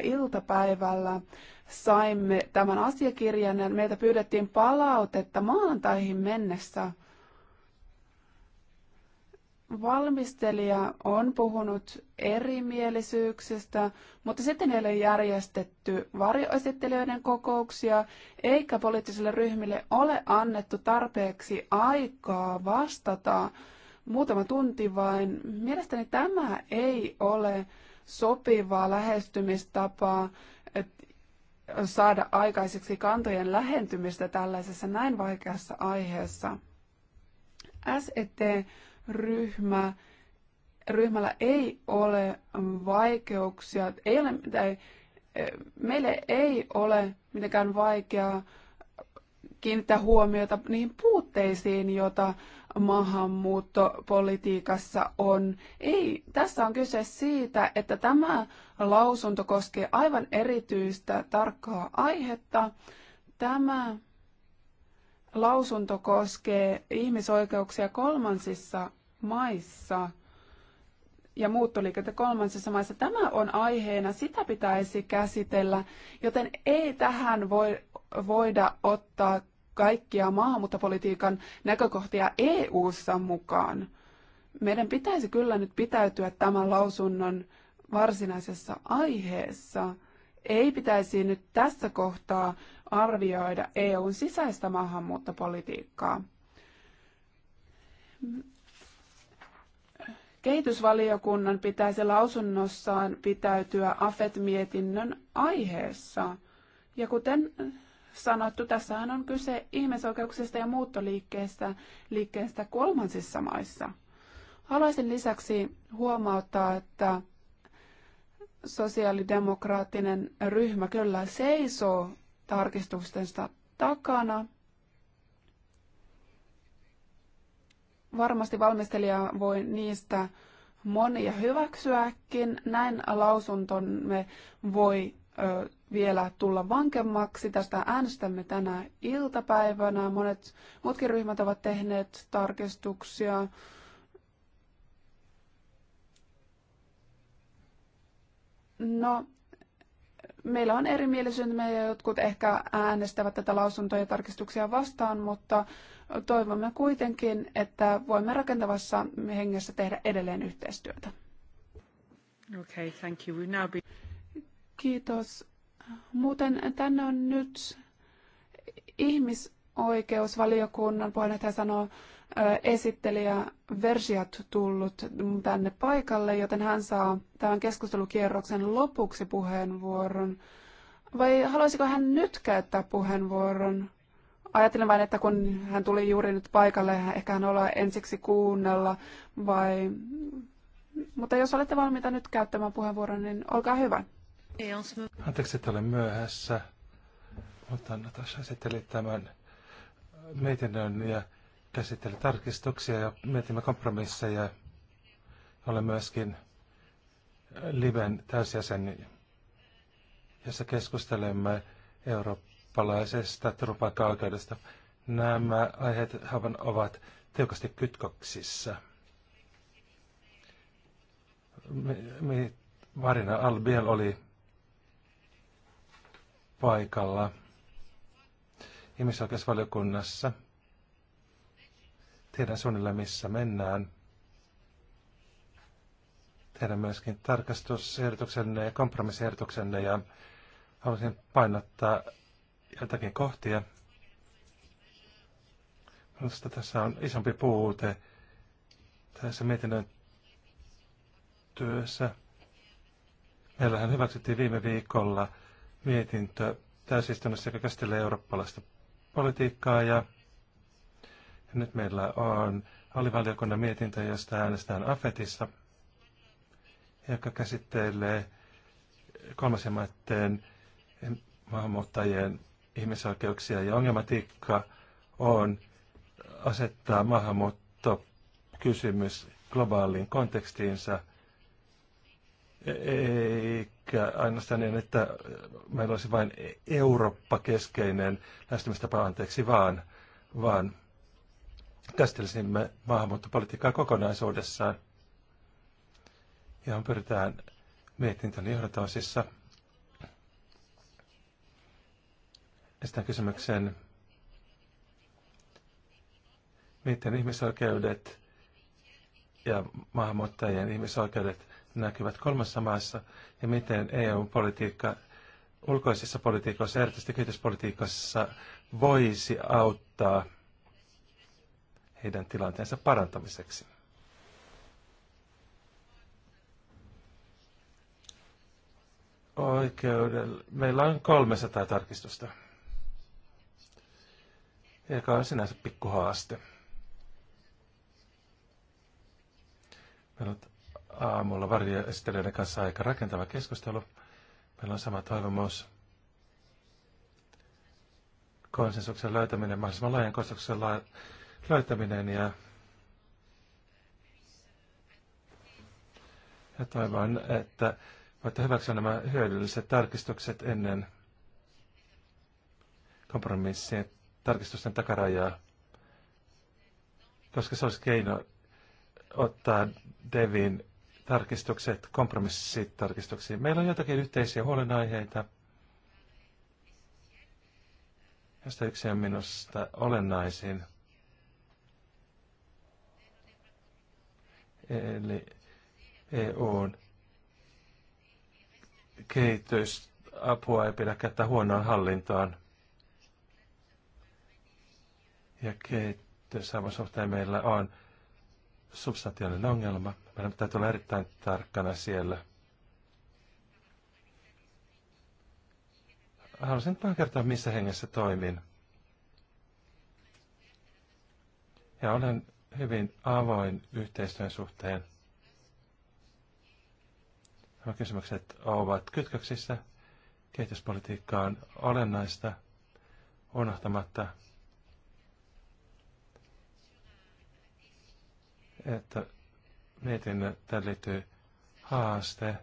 A: iltapäivällä saimme tämän asiakirjan ja meitä pyydettiin palautetta maantaihin mennessä. Valmistelija on puhunut erimielisyyksistä, mutta sitten ei ole järjestetty varjoesittelijöiden kokouksia, eikä poliittisille ryhmille ole annettu tarpeeksi aikaa vastata muutama tunti vain. Mielestäni tämä ei ole sopivaa lähestymistapaa saada aikaiseksi kantojen lähentymistä tällaisessa näin vaikeassa aiheessa. SET-ryhmä ryhmällä ei ole vaikeuksia, ei ole, tai, e, meille ei ole mitenkään vaikeaa kiinnittää huomiota niihin puutteisiin, joita maahanmuuttopolitiikassa on. Ei, tässä on kyse siitä, että tämä lausunto koskee aivan erityistä tarkkaa aihetta. Tämä lausunto koskee ihmisoikeuksia kolmansissa maissa ja muuttoliikettä kolmansissa maissa. Tämä on aiheena, sitä pitäisi käsitellä, joten ei tähän voi, voida ottaa kaikkia maahanmuuttopolitiikan näkökohtia EU-ssa mukaan. Meidän pitäisi kyllä nyt pitäytyä tämän lausunnon varsinaisessa aiheessa. Ei pitäisi nyt tässä kohtaa arvioida EUn sisäistä maahanmuuttopolitiikkaa. Kehitysvaliokunnan pitäisi lausunnossaan pitäytyä AFET-mietinnön aiheessa. Ja kuten sanottu, tässähän on kyse ihmisoikeuksista ja muuttoliikkeestä liikkeestä kolmansissa maissa. Haluaisin lisäksi huomauttaa, että sosiaalidemokraattinen ryhmä kyllä seisoo tarkistustensa takana. Varmasti valmistelija voi niistä monia hyväksyäkin. Näin lausuntomme voi ö, vielä tulla vankemmaksi. Tästä äänestämme tänä iltapäivänä. Monet muutkin ryhmät ovat tehneet tarkistuksia. No, meillä on erimielisyyttä, meidän jotkut ehkä äänestävät tätä lausuntoa ja tarkistuksia vastaan, mutta toivomme kuitenkin, että voimme rakentavassa hengessä tehdä edelleen yhteistyötä. Okay, thank you. We've now be... Kiitos. Muuten tänne on nyt ihmisoikeusvaliokunnan puheenjohtaja sanoo esittelijä Versiat tullut tänne paikalle, joten hän saa tämän keskustelukierroksen lopuksi puheenvuoron. Vai haluaisiko hän nyt käyttää puheenvuoron? Ajattelen vain, että kun hän tuli juuri nyt paikalle, ehkä hän olla ensiksi kuunnella, vai... Mutta jos olette valmiita nyt käyttämään puheenvuoron, niin olkaa hyvä.
C: Anteeksi, että olen myöhässä, mutta Natasha esitteli tämän mietinnön ja käsitteli tarkistuksia ja mietimme kompromisseja. Olen myöskin Liven täysjäsen, jossa keskustelemme eurooppalaisesta turvapaikka-oikeudesta. Nämä aiheet ovat tiukasti kytköksissä. Me, Marina Albiel oli paikalla ihmisoikeusvaliokunnassa. Tiedän suunnilleen, missä mennään. Tiedän myöskin tarkastusehdotuksenne ja kompromissiehdotuksenne ja haluaisin painottaa jotakin kohtia. Minusta tässä on isompi puute tässä mietinnön työssä. Meillähän hyväksyttiin viime viikolla – mietintö täysistunnossa, joka käsittelee eurooppalaista politiikkaa. Ja, ja nyt meillä on alivaliokunnan mietintö, josta äänestetään AFETissa, joka käsittelee kolmasen maiden maahanmuuttajien ihmisoikeuksia ja ongelmatiikka on asettaa maahanmuuttokysymys globaaliin kontekstiinsa, ei eikä ainoastaan niin, että meillä olisi vain Eurooppa-keskeinen lähestymistapa, anteeksi, vaan, vaan käsittelisimme maahanmuuttopolitiikkaa kokonaisuudessaan, johon pyritään mietintön johdatoisissa. Esitän kysymyksen, miten ihmisoikeudet ja maahanmuuttajien ihmisoikeudet näkyvät kolmessa maassa ja miten EU-politiikka ulkoisessa politiikassa, erityisesti kehityspolitiikassa, voisi auttaa heidän tilanteensa parantamiseksi. Oikeudella. Meillä on 300 tarkistusta, joka on sinänsä pikkuhaaste. Meillä on aamulla varjoesittelijöiden kanssa aika rakentava keskustelu. Meillä on sama toivomus. Konsensuksen löytäminen, mahdollisimman laajan konsensuksen la- löytäminen ja, ja toivon, että voitte hyväksyä nämä hyödylliset tarkistukset ennen kompromissien tarkistusten takarajaa, koska se olisi keino ottaa Devin tarkistukset, kompromissit tarkistuksiin. Meillä on jotakin yhteisiä huolenaiheita, Tästä yksi on minusta olennaisin. Eli EUn kehitysapua ei pidä käyttää huonoon hallintoon. Ja kehitysavun suhteen meillä on substantiaalinen ongelma. Meidän täytyy olla erittäin tarkkana siellä. Haluaisin vain kertoa, missä hengessä toimin. Ja olen hyvin avoin yhteistyön suhteen. Nämä kysymykset ovat kytköksissä kehityspolitiikkaan olennaista unohtamatta, että että tämä liittyy haaste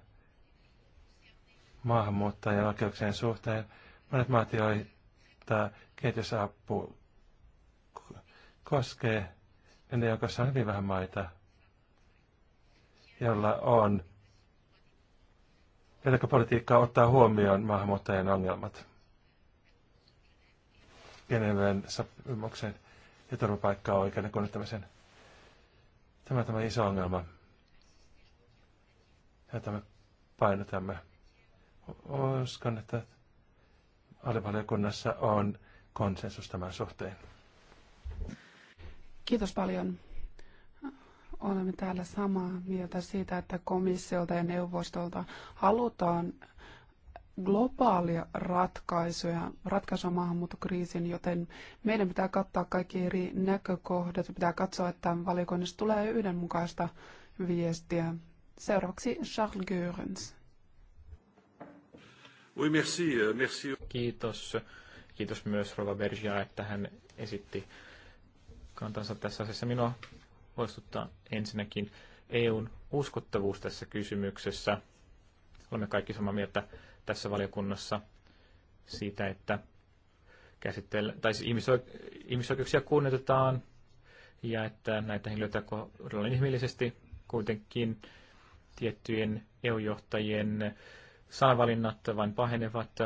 C: maahanmuuttajien oikeuksien suhteen. Monet maat, joita kehitysapu koskee, niin joukossa on hyvin vähän maita, jolla on politiikka ottaa huomioon maahanmuuttajien ongelmat. Geneven sopimuksen ja turvapaikkaa oikeuden kunnittamisen. Tämä on tämä iso ongelma, jota me painotamme. Uskon, että alivaliokunnassa on konsensus tämän suhteen.
A: Kiitos paljon. Olemme täällä samaa mieltä siitä, että komissiolta ja neuvostolta halutaan globaalia ratkaisuja, ratkaisua maahanmuuttokriisiin, joten meidän pitää kattaa kaikki eri näkökohdat ja pitää katsoa, että valikoinnista tulee yhdenmukaista viestiä. Seuraavaksi Charles Görens.
C: Oui, merci, euh,
B: merci. Kiitos. Kiitos myös Rova Bergia, että hän esitti kantansa tässä asiassa. Minua huolestuttaa ensinnäkin EUn uskottavuus tässä kysymyksessä. Olemme kaikki samaa mieltä tässä valiokunnassa siitä, että käsitellä, tai siis ihmisoikeuksia kunnioitetaan ja että näitä henkilöitä kohdellaan ihmillisesti, kuitenkin tiettyjen EU-johtajien sanavalinnat vain pahenevat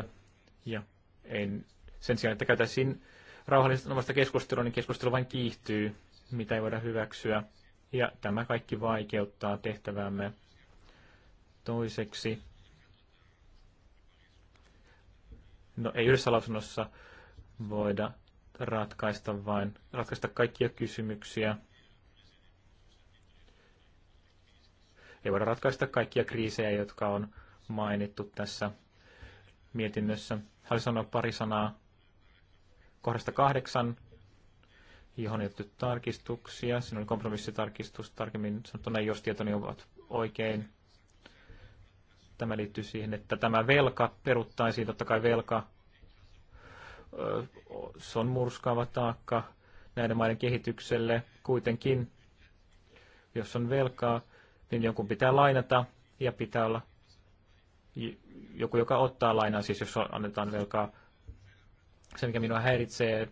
B: ja en, sen sijaan, että käytäisiin rauhallista omasta keskustelua, niin keskustelu vain kiihtyy, mitä ei voida hyväksyä ja tämä kaikki vaikeuttaa tehtävämme. Toiseksi no ei yhdessä lausunnossa voida ratkaista vain, ratkaista kaikkia kysymyksiä. Ei voida ratkaista kaikkia kriisejä, jotka on mainittu tässä mietinnössä. Haluaisin sanoa pari sanaa kohdasta kahdeksan, johon on tarkistuksia. Siinä oli kompromissitarkistus tarkemmin sanottuna, jos tietoni ovat oikein. Tämä liittyy siihen, että tämä velka peruttaisiin, totta kai velka, se on murskaava taakka näiden maiden kehitykselle. Kuitenkin, jos on velkaa, niin jonkun pitää lainata ja pitää olla joku, joka ottaa lainaa, siis jos annetaan velkaa. Se, mikä minua häiritsee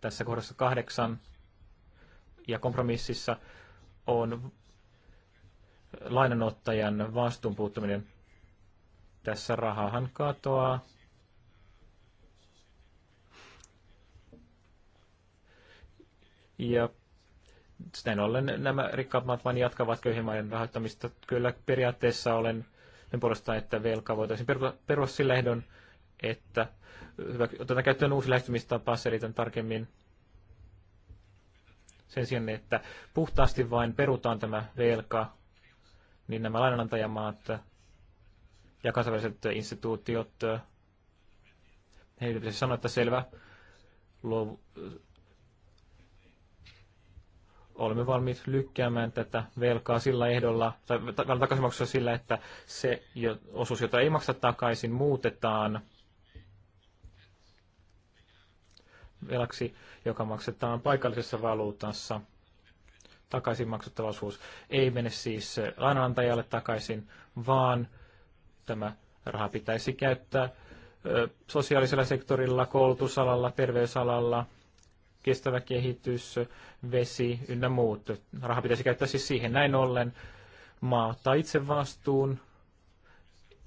B: tässä kohdassa kahdeksan ja kompromississa, on lainanottajan vastuun puuttuminen. Tässä rahahan katoaa. Ja sitten ollen nämä rikkaat maat vain jatkavat köyhien rahoittamista. Kyllä periaatteessa olen sen puolesta, että velkaa voitaisiin perua sillä ehdon, että otetaan käyttöön uusi lähestymistapa, selitän tarkemmin sen sijaan, että puhtaasti vain perutaan tämä velka niin nämä lainanantajamaat ja kansainväliset instituutiot, heille pitäisi sanoa, että selvä, luov... olemme valmiit lykkäämään tätä velkaa sillä ehdolla, tai velan takaisinmaksussa sillä, että se osuus, jota ei maksa takaisin, muutetaan velaksi, joka maksetaan paikallisessa valuutassa – takaisin maksettava osuus ei mene siis lainanantajalle takaisin, vaan tämä raha pitäisi käyttää sosiaalisella sektorilla, koulutusalalla, terveysalalla, kestävä kehitys, vesi ynnä muut. Raha pitäisi käyttää siis siihen näin ollen. Maa ottaa itse vastuun,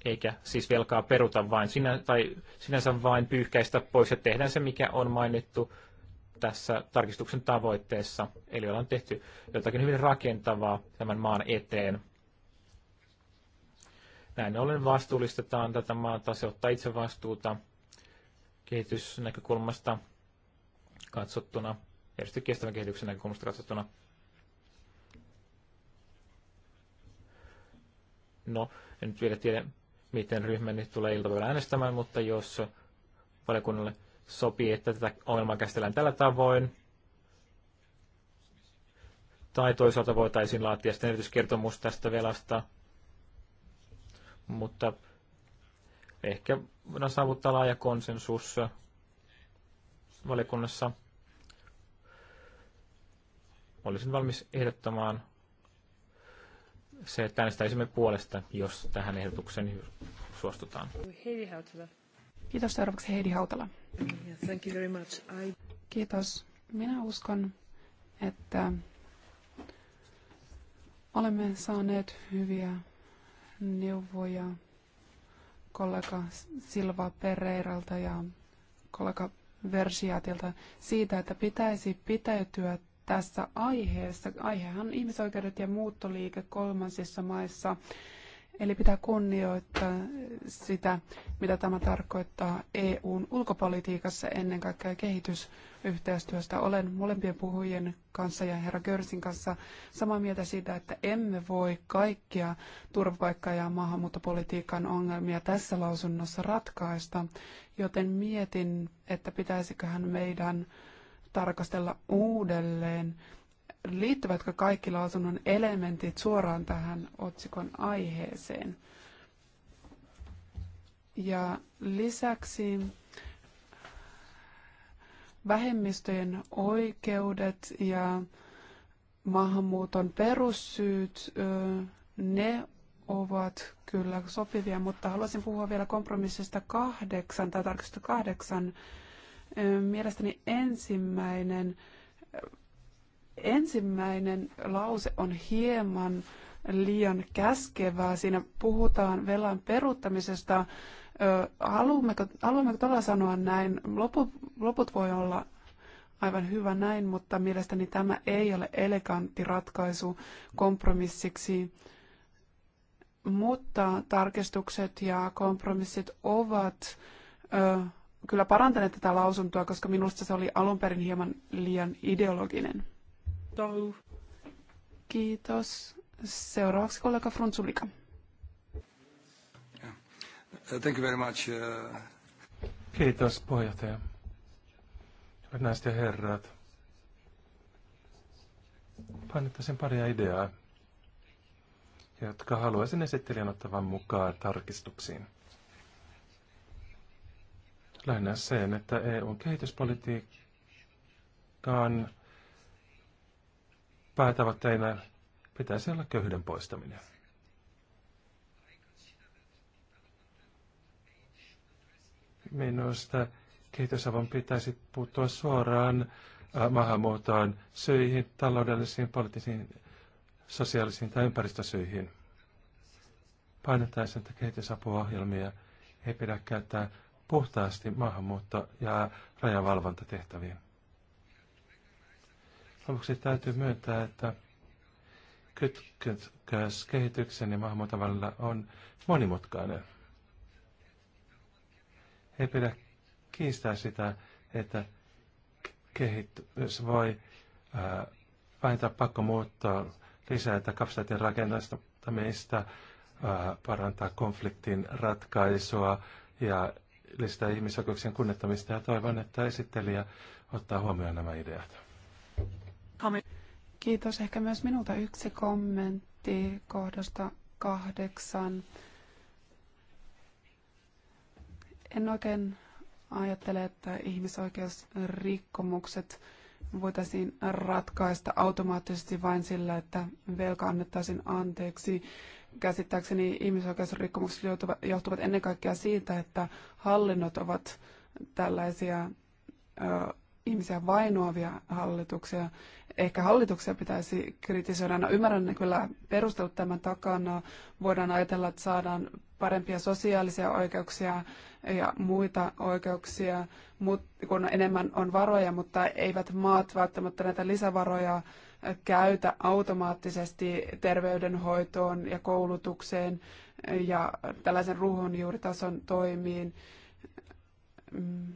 B: eikä siis velkaa peruta vain sinä, tai sinänsä vain pyyhkäistä pois ja tehdään se, mikä on mainittu tässä tarkistuksen tavoitteessa. Eli ollaan tehty jotakin hyvin rakentavaa tämän maan eteen. Näin ollen vastuullistetaan tätä maata, se ottaa itse vastuuta kehitysnäkökulmasta katsottuna, erityisesti kestävän kehityksen näkökulmasta katsottuna. No, en nyt vielä tiedä, miten ryhmäni tulee iltapäivällä äänestämään, mutta jos valiokunnalle sopii, että tätä ongelmaa käsitellään tällä tavoin. Tai toisaalta voitaisiin laatia sitten erityiskertomus tästä velasta. Mutta ehkä voidaan saavuttaa laaja konsensus valiokunnassa. Olisin valmis ehdottamaan se, että äänestäisimme puolesta, jos tähän ehdotukseen suostutaan.
A: Kiitos seuraavaksi Heidi Hautala. thank you very much. Kiitos. Minä uskon, että olemme saaneet hyviä neuvoja kollega Silva Pereiralta ja kollega Versiatilta siitä, että pitäisi pitäytyä tässä aiheessa. Aihehan on ihmisoikeudet ja muuttoliike kolmansissa maissa. Eli pitää kunnioittaa sitä, mitä tämä tarkoittaa EUn ulkopolitiikassa ennen kaikkea kehitysyhteistyöstä. Olen molempien puhujien kanssa ja herra Görsin kanssa samaa mieltä siitä, että emme voi kaikkia turvapaikka- ja maahanmuuttopolitiikan ongelmia tässä lausunnossa ratkaista, joten mietin, että pitäisiköhän meidän tarkastella uudelleen liittyvätkö kaikki lausunnon elementit suoraan tähän otsikon aiheeseen. Ja lisäksi vähemmistöjen oikeudet ja maahanmuuton perussyyt, ne ovat kyllä sopivia, mutta haluaisin puhua vielä kompromissista kahdeksan tai tarkistusta kahdeksan. Mielestäni ensimmäinen ensimmäinen lause on hieman liian käskevää. Siinä puhutaan velan peruuttamisesta. Haluammeko, haluammeko todella sanoa näin? Loput, loput voi olla aivan hyvä näin, mutta mielestäni tämä ei ole elegantti ratkaisu kompromissiksi. Mutta tarkistukset ja kompromissit ovat ö, kyllä parantaneet tätä lausuntoa, koska minusta se oli alun perin hieman liian ideologinen. Kiitos. Seuraavaksi kollega Frunzulika.
C: Thank you very much. Uh, Kiitos puheenjohtaja. Hyvät naiset ja herrat. Painottaisin paria ideaa, jotka haluaisin esittelijän ottavan mukaan tarkistuksiin. Lähinnä sen, että EUn kehityspolitiikkaan päätavoitteena pitäisi olla köyhyyden poistaminen. Minusta kehitysavun pitäisi puuttua suoraan äh, maahanmuuttoon syihin, taloudellisiin, poliittisiin, sosiaalisiin tai ympäristösyihin. Painottaisin, että kehitysapuohjelmia ei pidä käyttää puhtaasti maahanmuutto- ja rajavalvontatehtäviin. Lopuksi täytyy myöntää, että kytkös kehityksen ja maahanmuuton välillä on monimutkainen. Ei pidä kiistää sitä, että kehitys voi ää, vähentää pakkomuuttoa, lisätä kapsaatin rakentamista, ää, parantaa konfliktin ratkaisua ja lisätä ihmisoikeuksien kunnettamista. Ja toivon, että esittelijä ottaa huomioon nämä ideat.
A: Kiitos. Ehkä myös minulta yksi kommentti kohdasta kahdeksan. En oikein ajattele, että ihmisoikeusrikkomukset voitaisiin ratkaista automaattisesti vain sillä, että velka annettaisiin anteeksi. Käsittääkseni ihmisoikeusrikkomukset johtuvat ennen kaikkea siitä, että hallinnot ovat tällaisia ihmisiä vainoavia hallituksia. Ehkä hallituksia pitäisi kritisoida. No ymmärrän kyllä perustelut tämän takana. Voidaan ajatella, että saadaan parempia sosiaalisia oikeuksia ja muita oikeuksia, kun enemmän on varoja, mutta eivät maat välttämättä näitä lisävaroja käytä automaattisesti terveydenhoitoon ja koulutukseen ja tällaisen ruohonjuuritason toimiin. Mm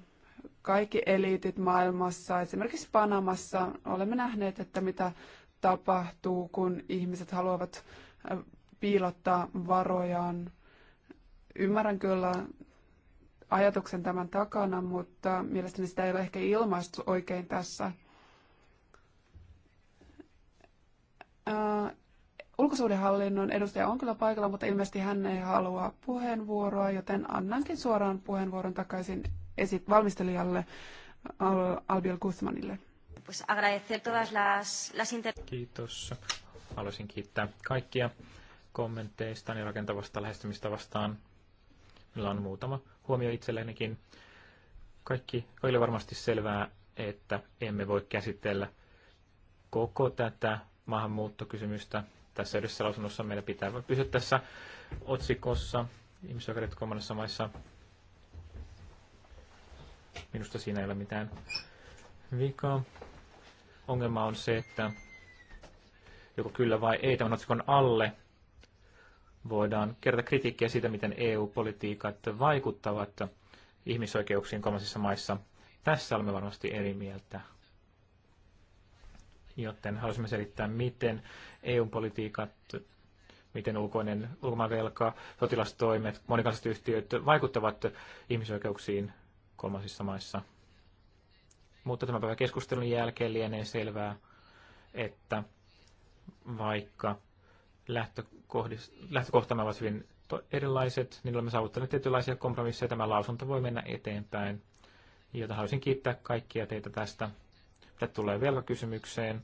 A: kaikki eliitit maailmassa, esimerkiksi Panamassa, olemme nähneet, että mitä tapahtuu, kun ihmiset haluavat piilottaa varojaan. Ymmärrän kyllä ajatuksen tämän takana, mutta mielestäni sitä ei ole ehkä ilmaistu oikein tässä. ulkosuudenhallinnon edustaja on kyllä paikalla, mutta ilmeisesti hän ei halua puheenvuoroa, joten annankin suoraan puheenvuoron takaisin valmistelijalle Albiel Guzmanille.
B: Kiitos. Haluaisin kiittää kaikkia kommenteista ja rakentavasta lähestymistä vastaan. Meillä on muutama huomio itsellenikin. Kaikki, oli varmasti selvää, että emme voi käsitellä koko tätä maahanmuuttokysymystä tässä yhdessä lausunnossa. Meidän pitää pysyä tässä otsikossa ihmisoikeudet kolmannessa maissa Minusta siinä ei ole mitään vikaa. Ongelma on se, että joko kyllä vai ei tämän otsikon alle voidaan kerätä kritiikkiä siitä, miten EU-politiikat vaikuttavat ihmisoikeuksiin kolmansissa maissa. Tässä olemme varmasti eri mieltä. Joten haluaisimme selittää, miten EU-politiikat, miten ulkoinen ulkomaanvelka, sotilastoimet, monikansalliset yhtiöt vaikuttavat ihmisoikeuksiin Kolmasissa maissa. Mutta tämän päivän keskustelun jälkeen lienee selvää, että vaikka lähtökohtamme ovat hyvin erilaiset, niin olemme saavuttaneet tietynlaisia kompromisseja. Tämä lausunto voi mennä eteenpäin, jota haluaisin kiittää kaikkia teitä tästä. Tätä tulee velkakysymykseen.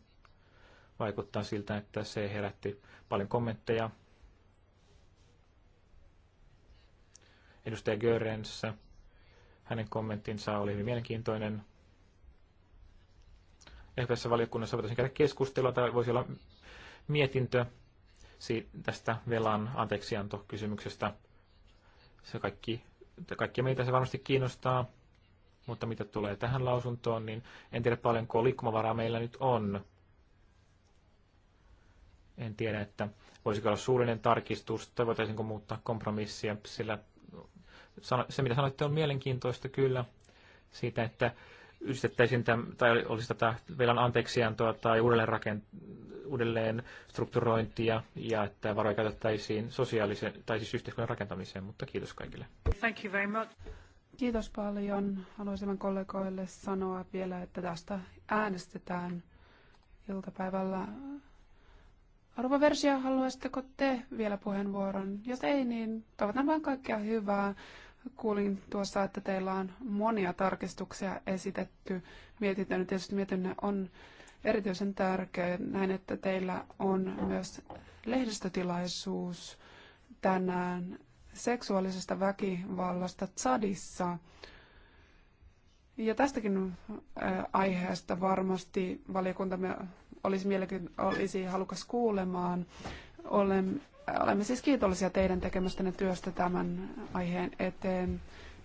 B: Vaikuttaa siltä, että se herätti paljon kommentteja. Edustaja Görensä hänen kommenttinsa oli hyvin mielenkiintoinen. Ehkä tässä valiokunnassa voitaisiin käydä keskustelua tai voisi olla mietintö tästä velan anteeksiantokysymyksestä. Se kaikki, kaikki meitä se varmasti kiinnostaa, mutta mitä tulee tähän lausuntoon, niin en tiedä paljonko liikkumavaraa meillä nyt on. En tiedä, että voisiko olla suurinen tarkistus tai voitaisiinko muuttaa kompromissia, sillä se, mitä sanoitte, on mielenkiintoista kyllä siitä, että yhdistettäisiin tämän, tai olisi tätä velan anteeksiantoa tai uudelleen, rakent, uudelleen strukturointia ja että varoja käytettäisiin sosiaalisen tai siis yhteiskunnan rakentamiseen, mutta kiitos kaikille.
A: Thank you very much. Kiitos paljon. Haluaisin kollegoille sanoa vielä, että tästä äänestetään iltapäivällä. Arvo Versia, haluaisitteko te vielä puheenvuoron? Jos ei, niin toivotan vain kaikkea hyvää. Kuulin tuossa, että teillä on monia tarkistuksia esitetty. mietintöön. tietysti mietinnä on erityisen tärkeä. Näin, että teillä on myös lehdistötilaisuus tänään seksuaalisesta väkivallasta Tsadissa. Ja tästäkin aiheesta varmasti valiokuntamme olisi, olisi halukas kuulemaan. Olen, olemme siis kiitollisia teidän tekemästänne työstä tämän aiheen eteen.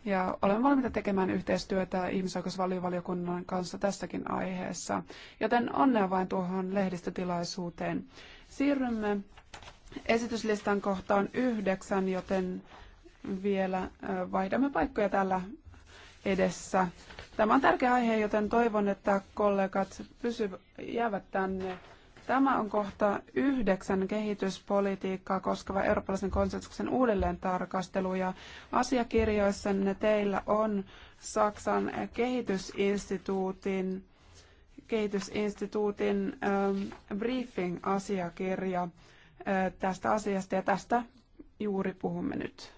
A: Ja olemme valmiita tekemään yhteistyötä ihmisoikeusvaliokunnan kanssa tässäkin aiheessa. Joten onnea vain tuohon lehdistötilaisuuteen. Siirrymme esityslistan kohtaan yhdeksän, joten vielä vaihdamme paikkoja täällä edessä. Tämä on tärkeä aihe, joten toivon, että kollegat pysy, jäävät tänne Tämä on kohta yhdeksän kehityspolitiikkaa koskeva eurooppalaisen konsensuksen uudelleen ja asiakirjoissanne teillä on Saksan kehitysinstituutin, kehitysinstituutin ähm, briefing-asiakirja äh, tästä asiasta ja tästä juuri puhumme nyt.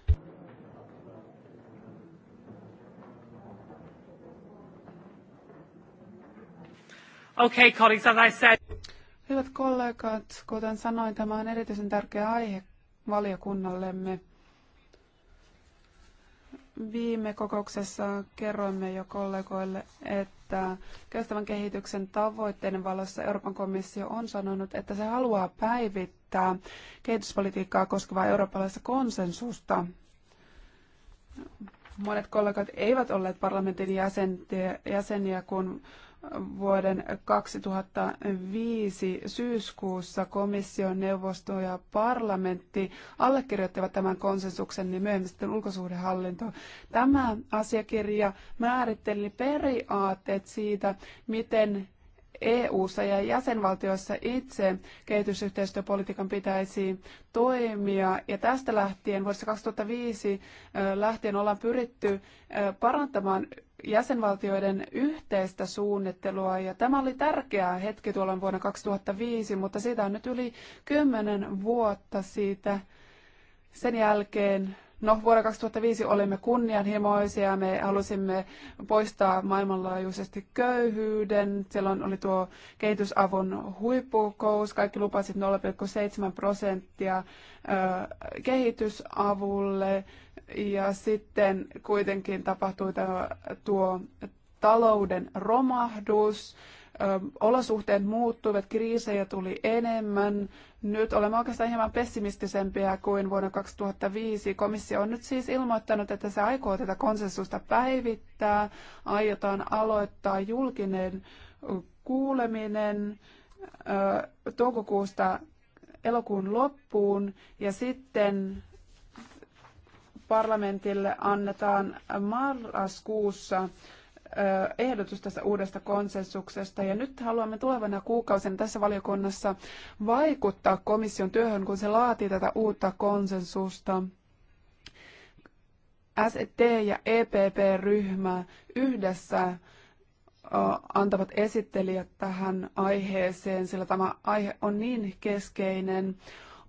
A: Okay,
B: colleagues, as I said.
A: Hyvät kollegat, kuten sanoin, tämä on erityisen tärkeä aihe valiokunnallemme. Viime kokouksessa kerroimme jo kollegoille, että kestävän kehityksen tavoitteiden valossa Euroopan komissio on sanonut, että se haluaa päivittää kehityspolitiikkaa koskevaa eurooppalaista konsensusta. Monet kollegat eivät olleet parlamentin jäseniä, kun vuoden 2005 syyskuussa komission neuvosto ja parlamentti allekirjoittivat tämän konsensuksen, niin myöhemmin sitten ulkosuhdehallinto. Tämä asiakirja määritteli periaatteet siitä, miten EU-ssa ja jäsenvaltioissa itse kehitysyhteistyöpolitiikan pitäisi toimia. Ja tästä lähtien, vuodesta 2005 lähtien ollaan pyritty parantamaan jäsenvaltioiden yhteistä suunnittelua ja tämä oli tärkeä hetki tuolloin vuonna 2005, mutta siitä on nyt yli kymmenen vuotta siitä. Sen jälkeen, no vuonna 2005 olimme kunnianhimoisia, me halusimme poistaa maailmanlaajuisesti köyhyyden, silloin oli tuo kehitysavun huippukous, kaikki lupasit 0,7 prosenttia kehitysavulle, ja sitten kuitenkin tapahtui tämä, tuo talouden romahdus, olosuhteet muuttuivat, kriisejä tuli enemmän. Nyt olemme oikeastaan hieman pessimistisempiä kuin vuonna 2005. Komissio on nyt siis ilmoittanut, että se aikoo tätä konsensusta päivittää. Aiotaan aloittaa julkinen kuuleminen toukokuusta elokuun loppuun ja sitten parlamentille annetaan marraskuussa ehdotus tästä uudesta konsensuksesta. Ja nyt haluamme tulevana kuukausina tässä valiokunnassa vaikuttaa komission työhön, kun se laatii tätä uutta konsensusta. ST ja EPP-ryhmä yhdessä antavat esittelijät tähän aiheeseen, sillä tämä aihe on niin keskeinen.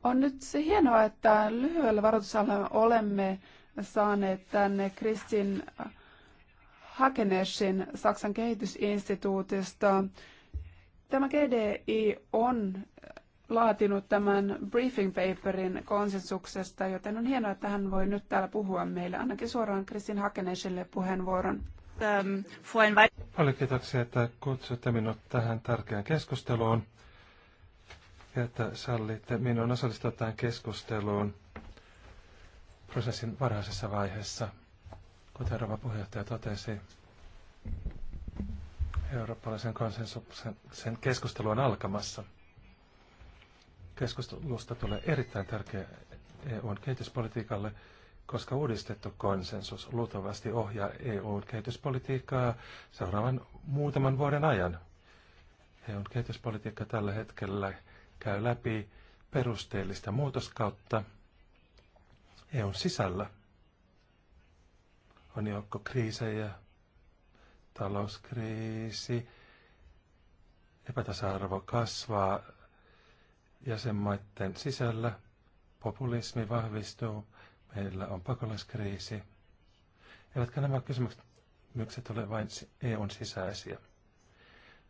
A: On nyt se hienoa, että lyhyellä varoitusajalla olemme saaneet tänne Kristin Hakenesin Saksan kehitysinstituutista. Tämä GDI on laatinut tämän briefing paperin konsensuksesta, joten on hienoa, että hän voi nyt täällä puhua meille. Ainakin suoraan Kristin Hakenesille puheenvuoron. Ähm,
C: Paljon kiitoksia, että kutsutte minut tähän tärkeään keskusteluun ja että sallitte minun osallistua tähän keskusteluun prosessin varhaisessa vaiheessa, kuten Rova puheenjohtaja totesi. Eurooppalaisen konsensuksen sen keskustelu on alkamassa. Keskustelusta tulee erittäin tärkeä EUn kehityspolitiikalle, koska uudistettu konsensus luultavasti ohjaa EUn kehityspolitiikkaa seuraavan muutaman vuoden ajan. EUn kehityspolitiikka tällä hetkellä käy läpi perusteellista muutoskautta – EUn sisällä on joukko kriisejä, talouskriisi, epätasa-arvo kasvaa jäsenmaiden sisällä, populismi vahvistuu, meillä on pakolaiskriisi. Eivätkä nämä kysymykset ole vain EUn sisäisiä.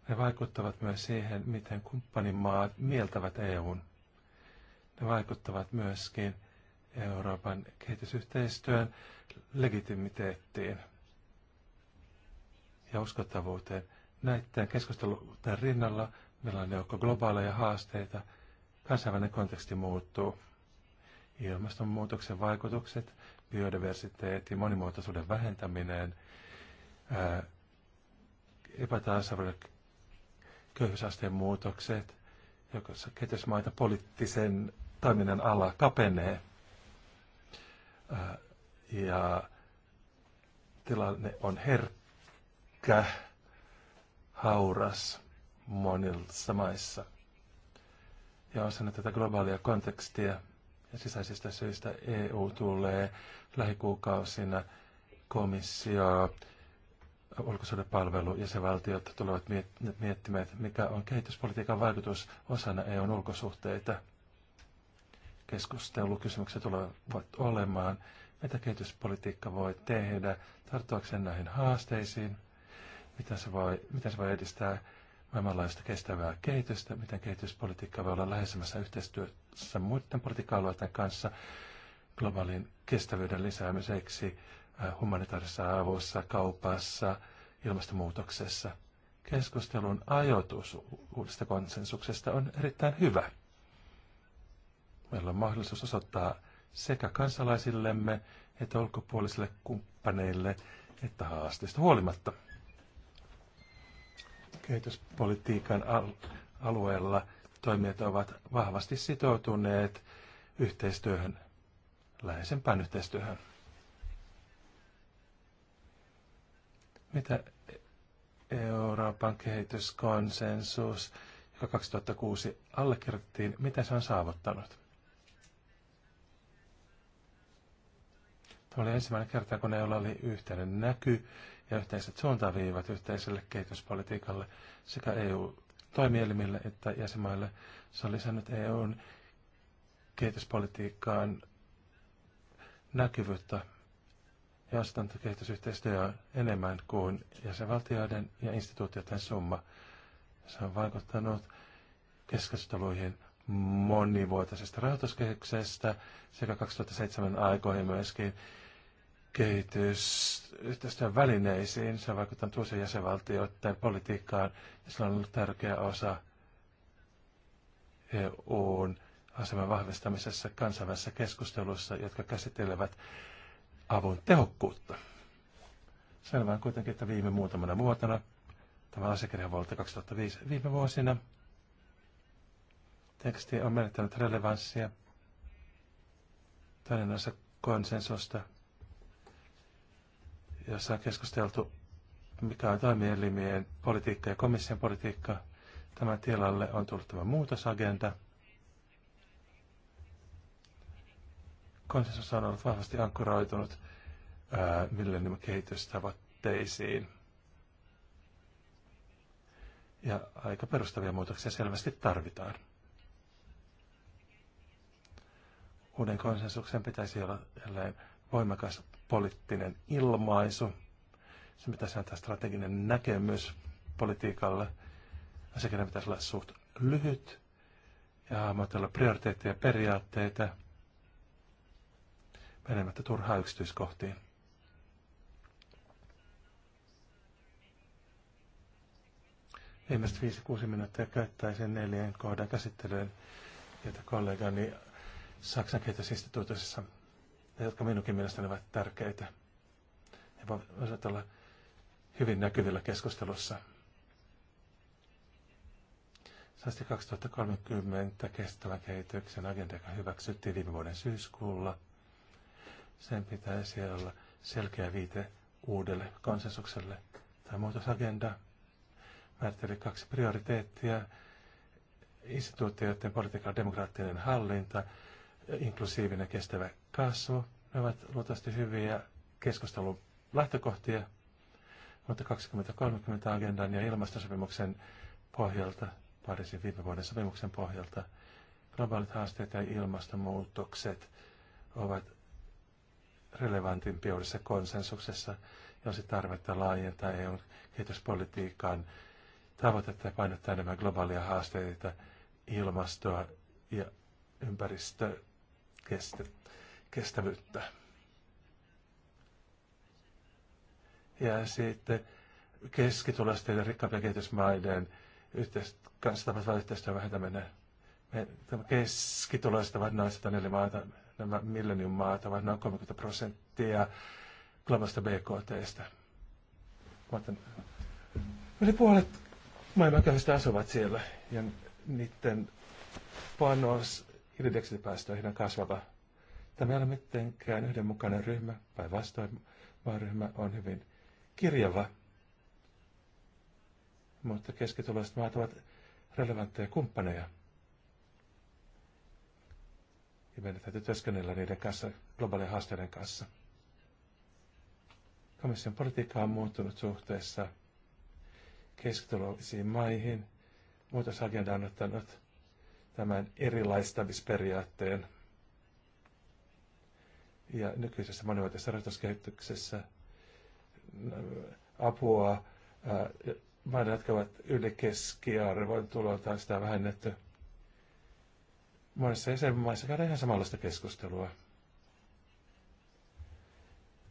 C: Ne vaikuttavat myös siihen, miten kumppanimaat mieltävät EUn. Ne vaikuttavat myöskin Euroopan kehitysyhteistyön legitimiteettiin ja uskottavuuteen. Näiden keskustelun rinnalla meillä on joukko globaaleja haasteita. Kansainvälinen konteksti muuttuu. Ilmastonmuutoksen vaikutukset, biodiversiteetti, monimuotoisuuden vähentäminen, epätasavuuden köyhyysasteen muutokset, jossa kehitysmaita poliittisen toiminnan ala kapenee – ja tilanne on herkkä, hauras monissa maissa. Ja osana tätä globaalia kontekstia ja sisäisistä syistä EU tulee lähikuukausina komissio, ulkosuhdepalvelu ja se valtiot tulevat miettimään, mikä on kehityspolitiikan vaikutus osana EUn ulkosuhteita – keskustelukysymykset tulevat olemaan, mitä kehityspolitiikka voi tehdä, sen näihin haasteisiin, mitä se voi, miten se voi edistää maailmanlaajuista kestävää kehitystä, miten kehityspolitiikka voi olla läheisemmässä yhteistyössä muiden politiikka-alueiden kanssa globaalin kestävyyden lisäämiseksi äh, humanitaarisessa avussa, kaupassa, ilmastonmuutoksessa. Keskustelun ajoitus uudesta konsensuksesta on erittäin hyvä. Meillä on mahdollisuus osoittaa sekä kansalaisillemme että ulkopuolisille kumppaneille että haasteista huolimatta. Kehityspolitiikan al- alueella toimijat ovat vahvasti sitoutuneet yhteistyöhön, läheisempään yhteistyöhön. Mitä Euroopan kehityskonsensus, joka 2006 allekirjoitettiin, mitä se on saavuttanut? Tämä oli ensimmäinen kerta, kun EUlla oli yhteinen näky ja yhteiset suuntaviivat yhteiselle kehityspolitiikalle sekä EU-toimielimille että jäsenmaille. Se on lisännyt EUn kehityspolitiikkaan näkyvyyttä ja asetanut kehitysyhteistyöä enemmän kuin jäsenvaltioiden ja instituutioiden summa. Se on vaikuttanut keskusteluihin monivuotisesta rahoituskehyksestä sekä 2007 aikoihin myöskin kehitys yhteistyön välineisiin. Se on vaikuttanut uusien jäsenvaltioiden politiikkaan ja sillä on ollut tärkeä osa EUn aseman vahvistamisessa kansainvälisessä keskustelussa, jotka käsittelevät avun tehokkuutta. Selvää kuitenkin, että viime muutamana vuotena, tämä asiakirja vuodelta 2005 viime vuosina, teksti on menettänyt relevanssia. Toinen osa konsensusta – jossa on keskusteltu, mikä on toimielimien politiikka ja komission politiikka. Tämän tilalle on tullut tämä muutosagenda. Konsensus on ollut vahvasti ankkuroitunut millennium kehitystavoitteisiin. Ja aika perustavia muutoksia selvästi tarvitaan. Uuden konsensuksen pitäisi olla jälleen voimakas poliittinen ilmaisu. Se pitäisi antaa strateginen näkemys politiikalle. Asiakirjan pitäisi olla suht lyhyt ja hahmotella prioriteetteja ja periaatteita menemättä turhaa yksityiskohtiin. Viimeiset 5-6 minuuttia käyttäisin neljän kohdan käsittelyyn, jota kollegani Saksan kehitysinstituutissa ne, jotka minunkin mielestäni ovat tärkeitä. Ne voivat olla hyvin näkyvillä keskustelussa. Säästi 2030 kestävän kehityksen agenda, joka hyväksyttiin viime vuoden syyskuulla. Sen pitäisi olla selkeä viite uudelle konsensukselle. Tämä muutosagenda määritteli kaksi prioriteettia. Instituutioiden politiikan demokraattinen hallinta, inklusiivinen kestävä kasvu. Ne ovat luultavasti hyviä keskustelun lähtökohtia, mutta 2030 agendan ja ilmastosopimuksen pohjalta, Pariisin viime vuoden sopimuksen pohjalta, globaalit haasteet ja ilmastonmuutokset ovat relevantimpia uudessa konsensuksessa, on tarvetta laajentaa EUn kehityspolitiikan tavoitetta ja painottaa enemmän globaalia haasteita, ilmastoa ja ympäristökestä, kestävyyttä. Ja sitten keskitulosten ja rikkaampien kehitysmaiden yhteist- kansainvälisen yhteistyön vähentäminen. Me, keskituloiset ovat noin 104 maata, nämä millennium maat ovat noin 30 prosenttia globaalista BKTstä. Mutta yli puolet maailmankäyvistä asuvat siellä ja niiden panos hiilidioksidipäästöihin on kasvava Tämä ei ole mitenkään yhdenmukainen ryhmä, päinvastoin vaan ryhmä on hyvin kirjava. Mutta keskituloiset maat ovat relevantteja kumppaneja. Ja meidän täytyy työskennellä niiden kanssa, globaalien haasteiden kanssa. Komission politiikka on muuttunut suhteessa keskituloisiin maihin. Muutosagenda on ottanut tämän erilaistamisperiaatteen ja nykyisessä monivuotisessa rahoituskehityksessä äh, apua äh, maiden, jotka ovat yli keskiarvon tuloltaan sitä vähennetty. Monissa jäsenmaissa käydään ihan samanlaista keskustelua.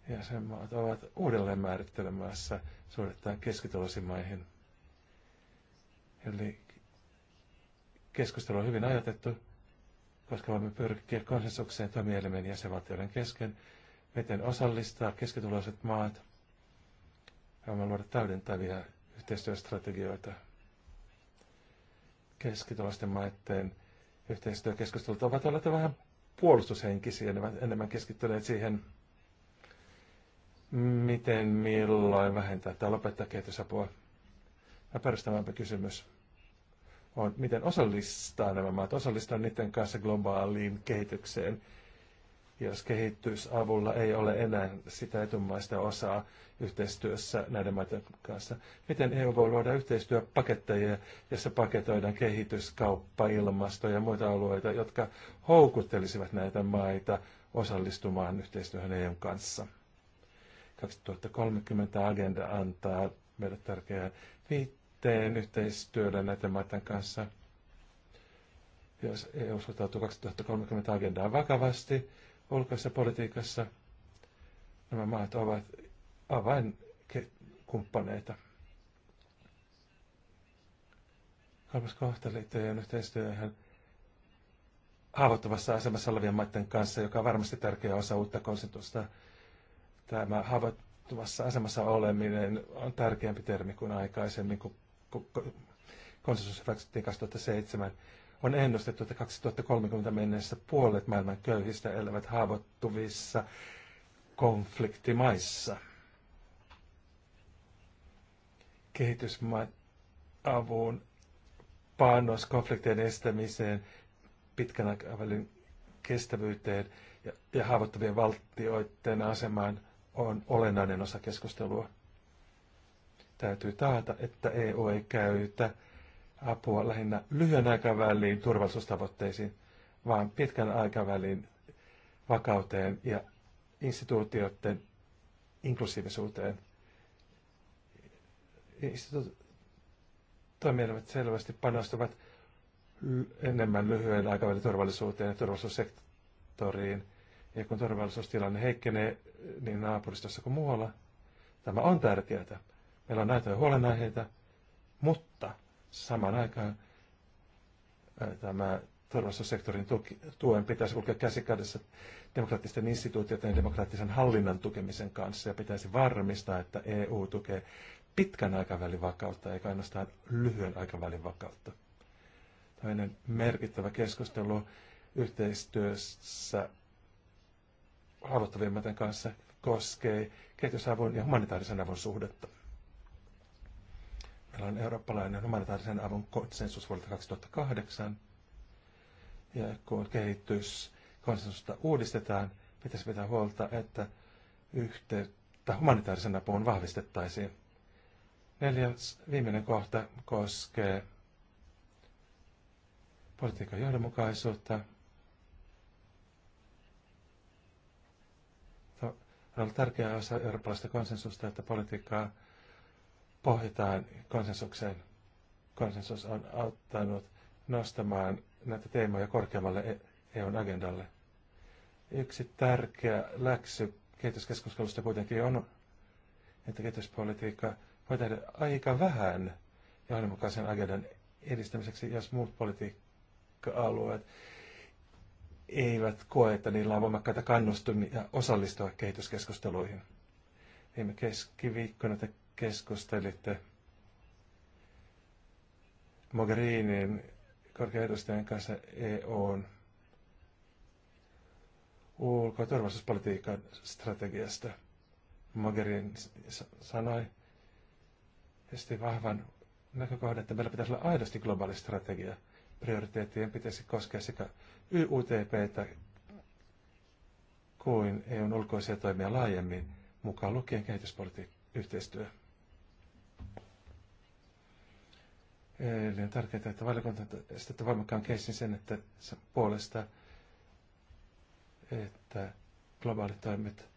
C: Jäsenmaat ovat uudelleen määrittelemässä suorittain keskituloisiin maihin. Eli keskustelu on hyvin ajatettu koska voimme pyrkiä konsensukseen toimielimen jäsenvaltioiden kesken, miten osallistaa keskituloiset maat. Voimme luoda täydentäviä yhteistyöstrategioita. Keskituloisten maiden yhteistyökeskustelut ovat olleet vähän puolustushenkisiä, ne ovat enemmän keskittyneet siihen, miten, milloin vähentää tai lopettaa kehitysapua. Ja perustavampi kysymys on, miten osallistaa nämä maat, osallistaa niiden kanssa globaaliin kehitykseen, jos kehitysavulla ei ole enää sitä etumaista osaa yhteistyössä näiden maiden kanssa. Miten EU voi luoda yhteistyöpaketteja, jossa paketoidaan kehitys, kauppa, ilmasto ja muita alueita, jotka houkuttelisivat näitä maita osallistumaan yhteistyöhön EUn kanssa. 2030 agenda antaa meille tärkeää viittaa teen yhteistyötä näiden maiden kanssa. Jos EU suhtautuu 2030 agendaa vakavasti ulkoisessa politiikassa, nämä maat ovat avainkumppaneita. Kolmas kohta liittyy yhteistyöhön haavoittuvassa asemassa olevien maiden kanssa, joka on varmasti tärkeä osa uutta konsentusta. Tämä haavoittuvassa asemassa oleminen on tärkeämpi termi kuin aikaisemmin, kun konsensus hyväksyttiin 2007, on ennustettu, että 2030 mennessä puolet maailman köyhistä elävät haavoittuvissa konfliktimaissa. Kehitysmaat avun panos konfliktien estämiseen, pitkän aikavälin kestävyyteen ja, ja haavoittuvien valtioiden asemaan on olennainen osa keskustelua. Täytyy taata, että EU ei käytä apua lähinnä lyhyen aikavälin turvallisuustavoitteisiin, vaan pitkän aikavälin vakauteen ja instituutioiden inklusiivisuuteen. Instituutioimielimet selvästi panostavat enemmän lyhyen aikavälin turvallisuuteen ja turvallisuussektoriin. Ja kun turvallisuustilanne heikkenee niin naapuristossa kuin muualla, tämä on tärkeää. Meillä on näitä huolenaiheita, mutta samaan aikaan tämä turvallisuussektorin tuen pitäisi kulkea käsikädessä demokraattisten instituutioiden ja demokraattisen hallinnan tukemisen kanssa ja pitäisi varmistaa, että EU tukee pitkän aikavälin vakautta eikä ainoastaan lyhyen aikavälin vakautta. Tällainen merkittävä keskustelu yhteistyössä haavoittuvimmaten kanssa koskee kehitysavun ja humanitaarisen avun suhdetta. Meillä on eurooppalainen humanitaarisen avun konsensus vuodelta 2008. Ja kun kehityskonsensusta uudistetaan, pitäisi pitää huolta, että yhteyttä humanitaarisen apuun vahvistettaisiin. Neljäs viimeinen kohta koskee politiikan johdonmukaisuutta. On ollut tärkeä osa eurooppalaista konsensusta, että politiikkaa pohditaan konsensukseen. Konsensus on auttanut nostamaan näitä teemoja korkeammalle EUn e agendalle. Yksi tärkeä läksy kehityskeskustelusta kuitenkin on, että kehityspolitiikka voi tehdä aika vähän johdonmukaisen agendan edistämiseksi, jos muut politiikka-alueet eivät koe, että niillä on voimakkaita kannustumia osallistua kehityskeskusteluihin. Viime keskiviikkona te keskustelitte Mogherinin korkean edustajan kanssa EUn ulko- ja turvallisuuspolitiikan strategiasta. Mogherin sanoi, esti vahvan näkökohdan, että meillä pitäisi olla aidosti globaali strategia. Prioriteettien pitäisi koskea sekä YUTPtä kuin EUn ulkoisia toimia laajemmin, mukaan lukien kehityspolitiikka yhteistyö. Eli on tärkeää, että valiokunta että voimakkaan keissin sen, että sen puolesta, että globaalit toimet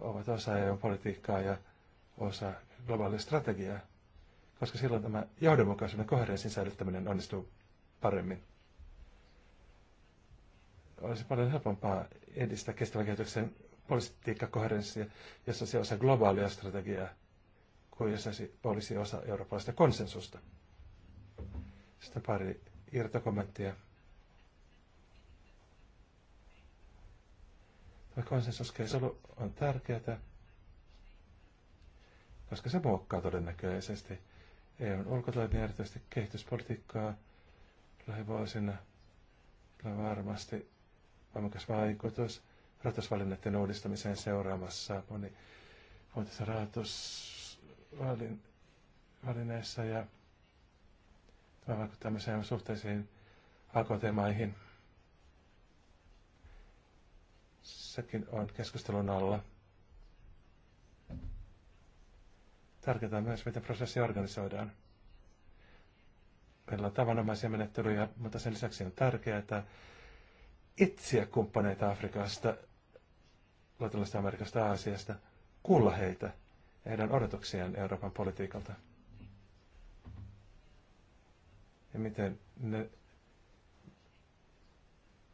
C: ovat osa EU-politiikkaa ja osa globaalia strategiaa, koska silloin tämä johdonmukaisuuden koherenssin säilyttäminen onnistuu paremmin. Olisi paljon helpompaa edistää kestävän kehityksen politiikkakoherenssia, jossa se osa globaalia strategiaa, kuin jos se olisi osa eurooppalaista konsensusta. Sitten pari irtokommenttia. Tämä konsensuskeskustelu on tärkeää, koska se muokkaa todennäköisesti EUn ulkotoimia, erityisesti kehityspolitiikkaa lähivuosina. on varmasti voimakas vaikutus rahoitusvalinnoiden uudistamiseen seuraamassa moni tässä rahoitusvälineissä ja Tämä vaikuttaa myös suhteisiin AKT-maihin. Sekin on keskustelun alla. Tärkeää myös, miten prosessi organisoidaan. Meillä on tavanomaisia menettelyjä, mutta sen lisäksi on tärkeää, että etsiä kumppaneita Afrikasta, Latinalaisesta Amerikasta, Aasiasta, kuulla heitä heidän odotuksiaan Euroopan politiikalta ja miten ne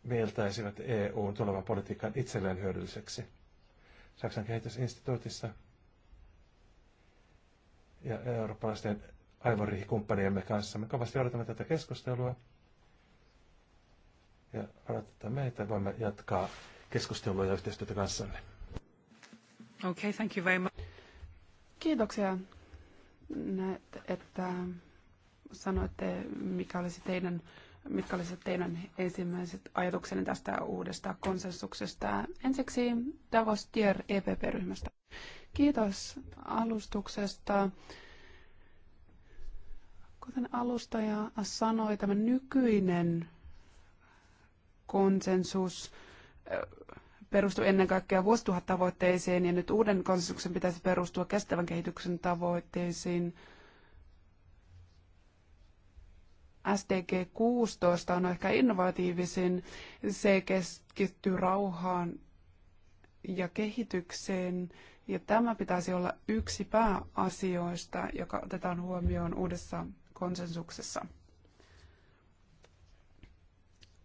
C: mieltäisivät EUn tulevan politiikan itselleen hyödylliseksi. Saksan kehitysinstituutissa ja eurooppalaisten aivorihikumppaniemme kanssa. Me kovasti odotamme tätä keskustelua ja odotetaan meitä. Voimme jatkaa keskustelua ja yhteistyötä kanssanne.
A: Okay, thank you very much. Kiitoksia, että sanoitte, mikä olisi teidän, mitkä olisivat teidän ensimmäiset ajatuksenne tästä uudesta konsensuksesta. Ensiksi Davos Tier EPP-ryhmästä. Kiitos alustuksesta. Kuten alustaja sanoi, tämä nykyinen konsensus perustuu ennen kaikkea vuosituhattavoitteisiin ja nyt uuden konsensuksen pitäisi perustua kestävän kehityksen tavoitteisiin – SDG 16 on ehkä innovatiivisin. Se keskittyy rauhaan ja kehitykseen. Ja tämä pitäisi olla yksi pääasioista, joka otetaan huomioon uudessa konsensuksessa.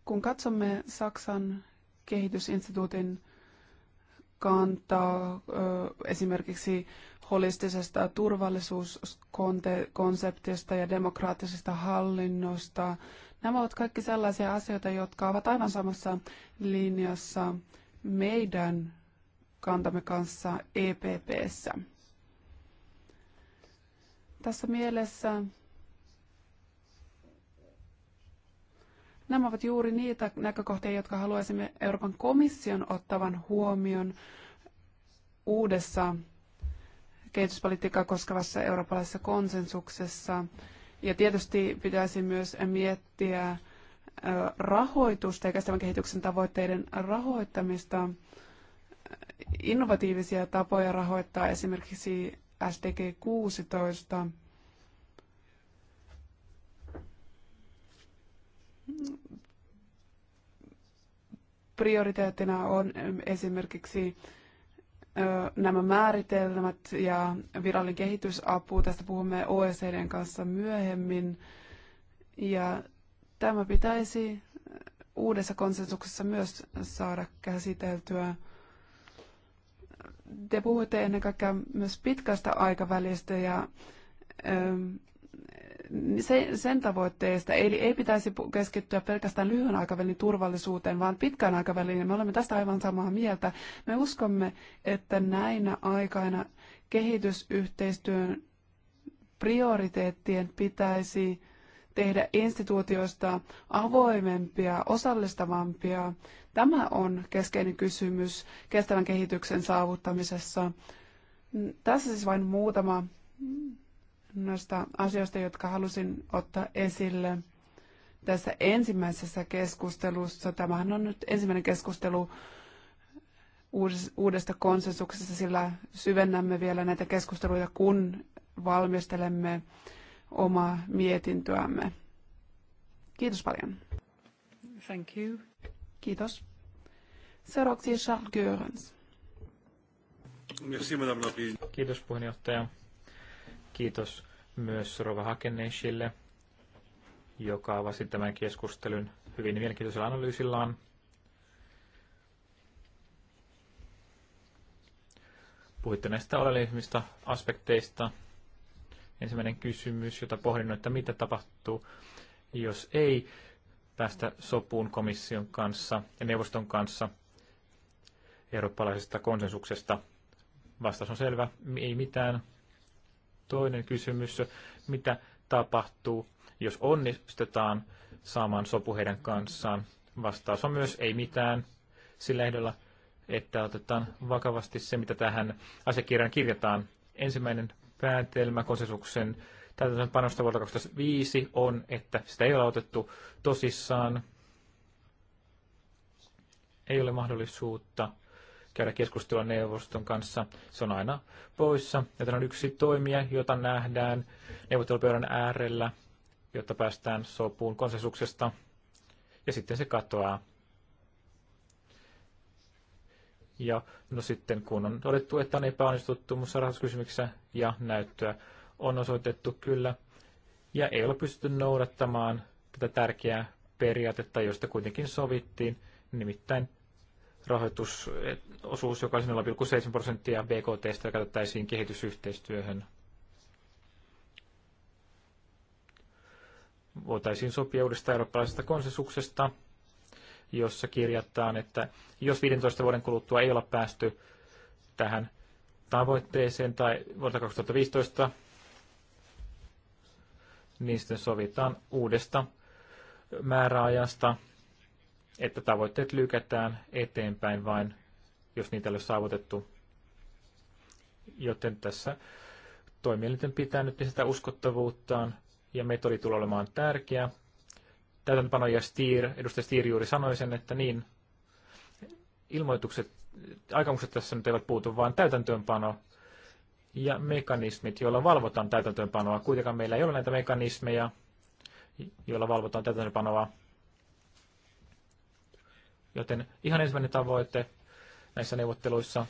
A: Kun katsomme Saksan kehitysinstituutin kantaa esimerkiksi holistisesta turvallisuuskonseptista ja demokraattisesta hallinnosta. Nämä ovat kaikki sellaisia asioita, jotka ovat aivan samassa linjassa meidän kantamme kanssa EPPssä. Tässä mielessä nämä ovat juuri niitä näkökohtia, jotka haluaisimme Euroopan komission ottavan huomioon uudessa kehityspolitiikkaa koskevassa eurooppalaisessa konsensuksessa. Ja tietysti pitäisi myös miettiä rahoitusta ja kestävän kehityksen tavoitteiden rahoittamista, innovatiivisia tapoja rahoittaa esimerkiksi SDG 16. Prioriteettina on esimerkiksi nämä määritelmät ja virallinen kehitysapu, tästä puhumme OECDn kanssa myöhemmin. Ja tämä pitäisi uudessa konsensuksessa myös saada käsiteltyä. Te puhuitte ennen kaikkea myös pitkästä aikavälistä ja sen, sen tavoitteesta. Eli ei pitäisi keskittyä pelkästään lyhyen aikavälin turvallisuuteen, vaan pitkän aikavälin. Me olemme tästä aivan samaa mieltä. Me uskomme, että näinä aikaina kehitysyhteistyön prioriteettien pitäisi tehdä instituutioista avoimempia, osallistavampia. Tämä on keskeinen kysymys kestävän kehityksen saavuttamisessa. Tässä siis vain muutama noista asioista, jotka halusin ottaa esille tässä ensimmäisessä keskustelussa. Tämähän on nyt ensimmäinen keskustelu uudesta konsensuksesta, sillä syvennämme vielä näitä keskusteluja, kun valmistelemme omaa mietintöämme. Kiitos paljon. Thank you. Kiitos. Seuraavaksi Charles Görens.
B: Kiitos puheenjohtaja. Kiitos myös Rova Hakeneshille, joka avasi tämän keskustelun hyvin mielenkiintoisella analyysillaan. Puhuitte näistä oleellisimmista aspekteista. Ensimmäinen kysymys, jota pohdin, että mitä tapahtuu, jos ei päästä sopuun komission kanssa ja neuvoston kanssa eurooppalaisesta konsensuksesta. Vastaus on selvä, ei mitään toinen kysymys, mitä tapahtuu, jos onnistetaan saamaan sopu heidän kanssaan. Vastaus on myös ei mitään sillä ehdolla, että otetaan vakavasti se, mitä tähän asiakirjaan kirjataan. Ensimmäinen päätelmä konsensuksen panosta vuotta 2005 on, että sitä ei ole otettu tosissaan. Ei ole mahdollisuutta käydä keskustelua neuvoston kanssa. Se on aina poissa. tämä on yksi toimija, jota nähdään neuvottelupöydän äärellä, jotta päästään sopuun konsensuksesta. Ja sitten se katoaa. Ja no sitten kun on todettu, että on epäonnistuttu muussa rahoituskysymyksessä ja näyttöä on osoitettu kyllä, ja ei ole pystytty noudattamaan tätä tärkeää periaatetta, josta kuitenkin sovittiin, nimittäin rahoitusosuus, joka olisi 0,7 prosenttia BKTstä, käytettäisiin kehitysyhteistyöhön. Voitaisiin sopia uudesta eurooppalaisesta konsensuksesta, jossa kirjataan, että jos 15 vuoden kuluttua ei olla päästy tähän tavoitteeseen tai vuodelta 2015, niin sitten sovitaan uudesta määräajasta että tavoitteet lykätään eteenpäin vain, jos niitä ei ole saavutettu. Joten tässä toimielinten pitää nyt lisätä uskottavuuttaan ja metodi tulee olemaan tärkeä. Täytäntöpano ja Stier, edustaja Stier juuri sanoi sen, että niin, ilmoitukset, aikamukset tässä nyt eivät puutu, vaan täytäntöönpano ja mekanismit, joilla valvotaan täytäntöönpanoa. Kuitenkaan meillä ei ole näitä mekanismeja, joilla valvotaan täytäntöönpanoa Joten ihan ensimmäinen tavoite näissä neuvotteluissa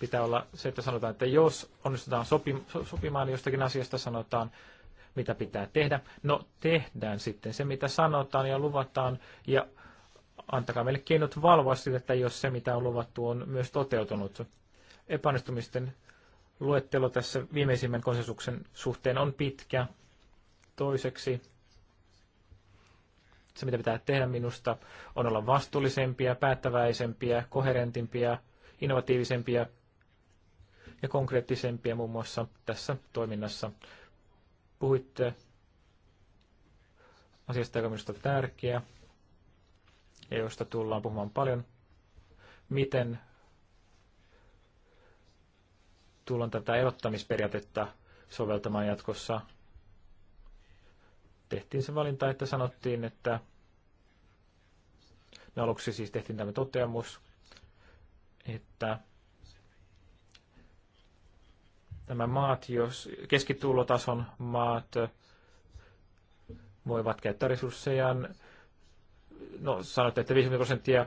B: pitää olla se, että sanotaan, että jos onnistutaan sopimaan niin jostakin asiasta, sanotaan, mitä pitää tehdä. No tehdään sitten se, mitä sanotaan ja luvataan ja antakaa meille keinot valvoa sitä, että jos se, mitä on luvattu, on myös toteutunut. Epäonnistumisten luettelo tässä viimeisimmän konsensuksen suhteen on pitkä. Toiseksi se, mitä pitää tehdä minusta, on olla vastuullisempia, päättäväisempiä, koherentimpia, innovatiivisempia ja konkreettisempia muun muassa tässä toiminnassa. Puhuitte asiasta, joka on tärkeä ja josta tullaan puhumaan paljon. Miten tullaan tätä erottamisperiaatetta soveltamaan jatkossa tehtiin se valinta, että sanottiin, että me aluksi siis tehtiin tämä toteamus, että nämä maat, jos keskitulotason maat voivat käyttää resurssejaan, no sanotte, että 50 prosenttia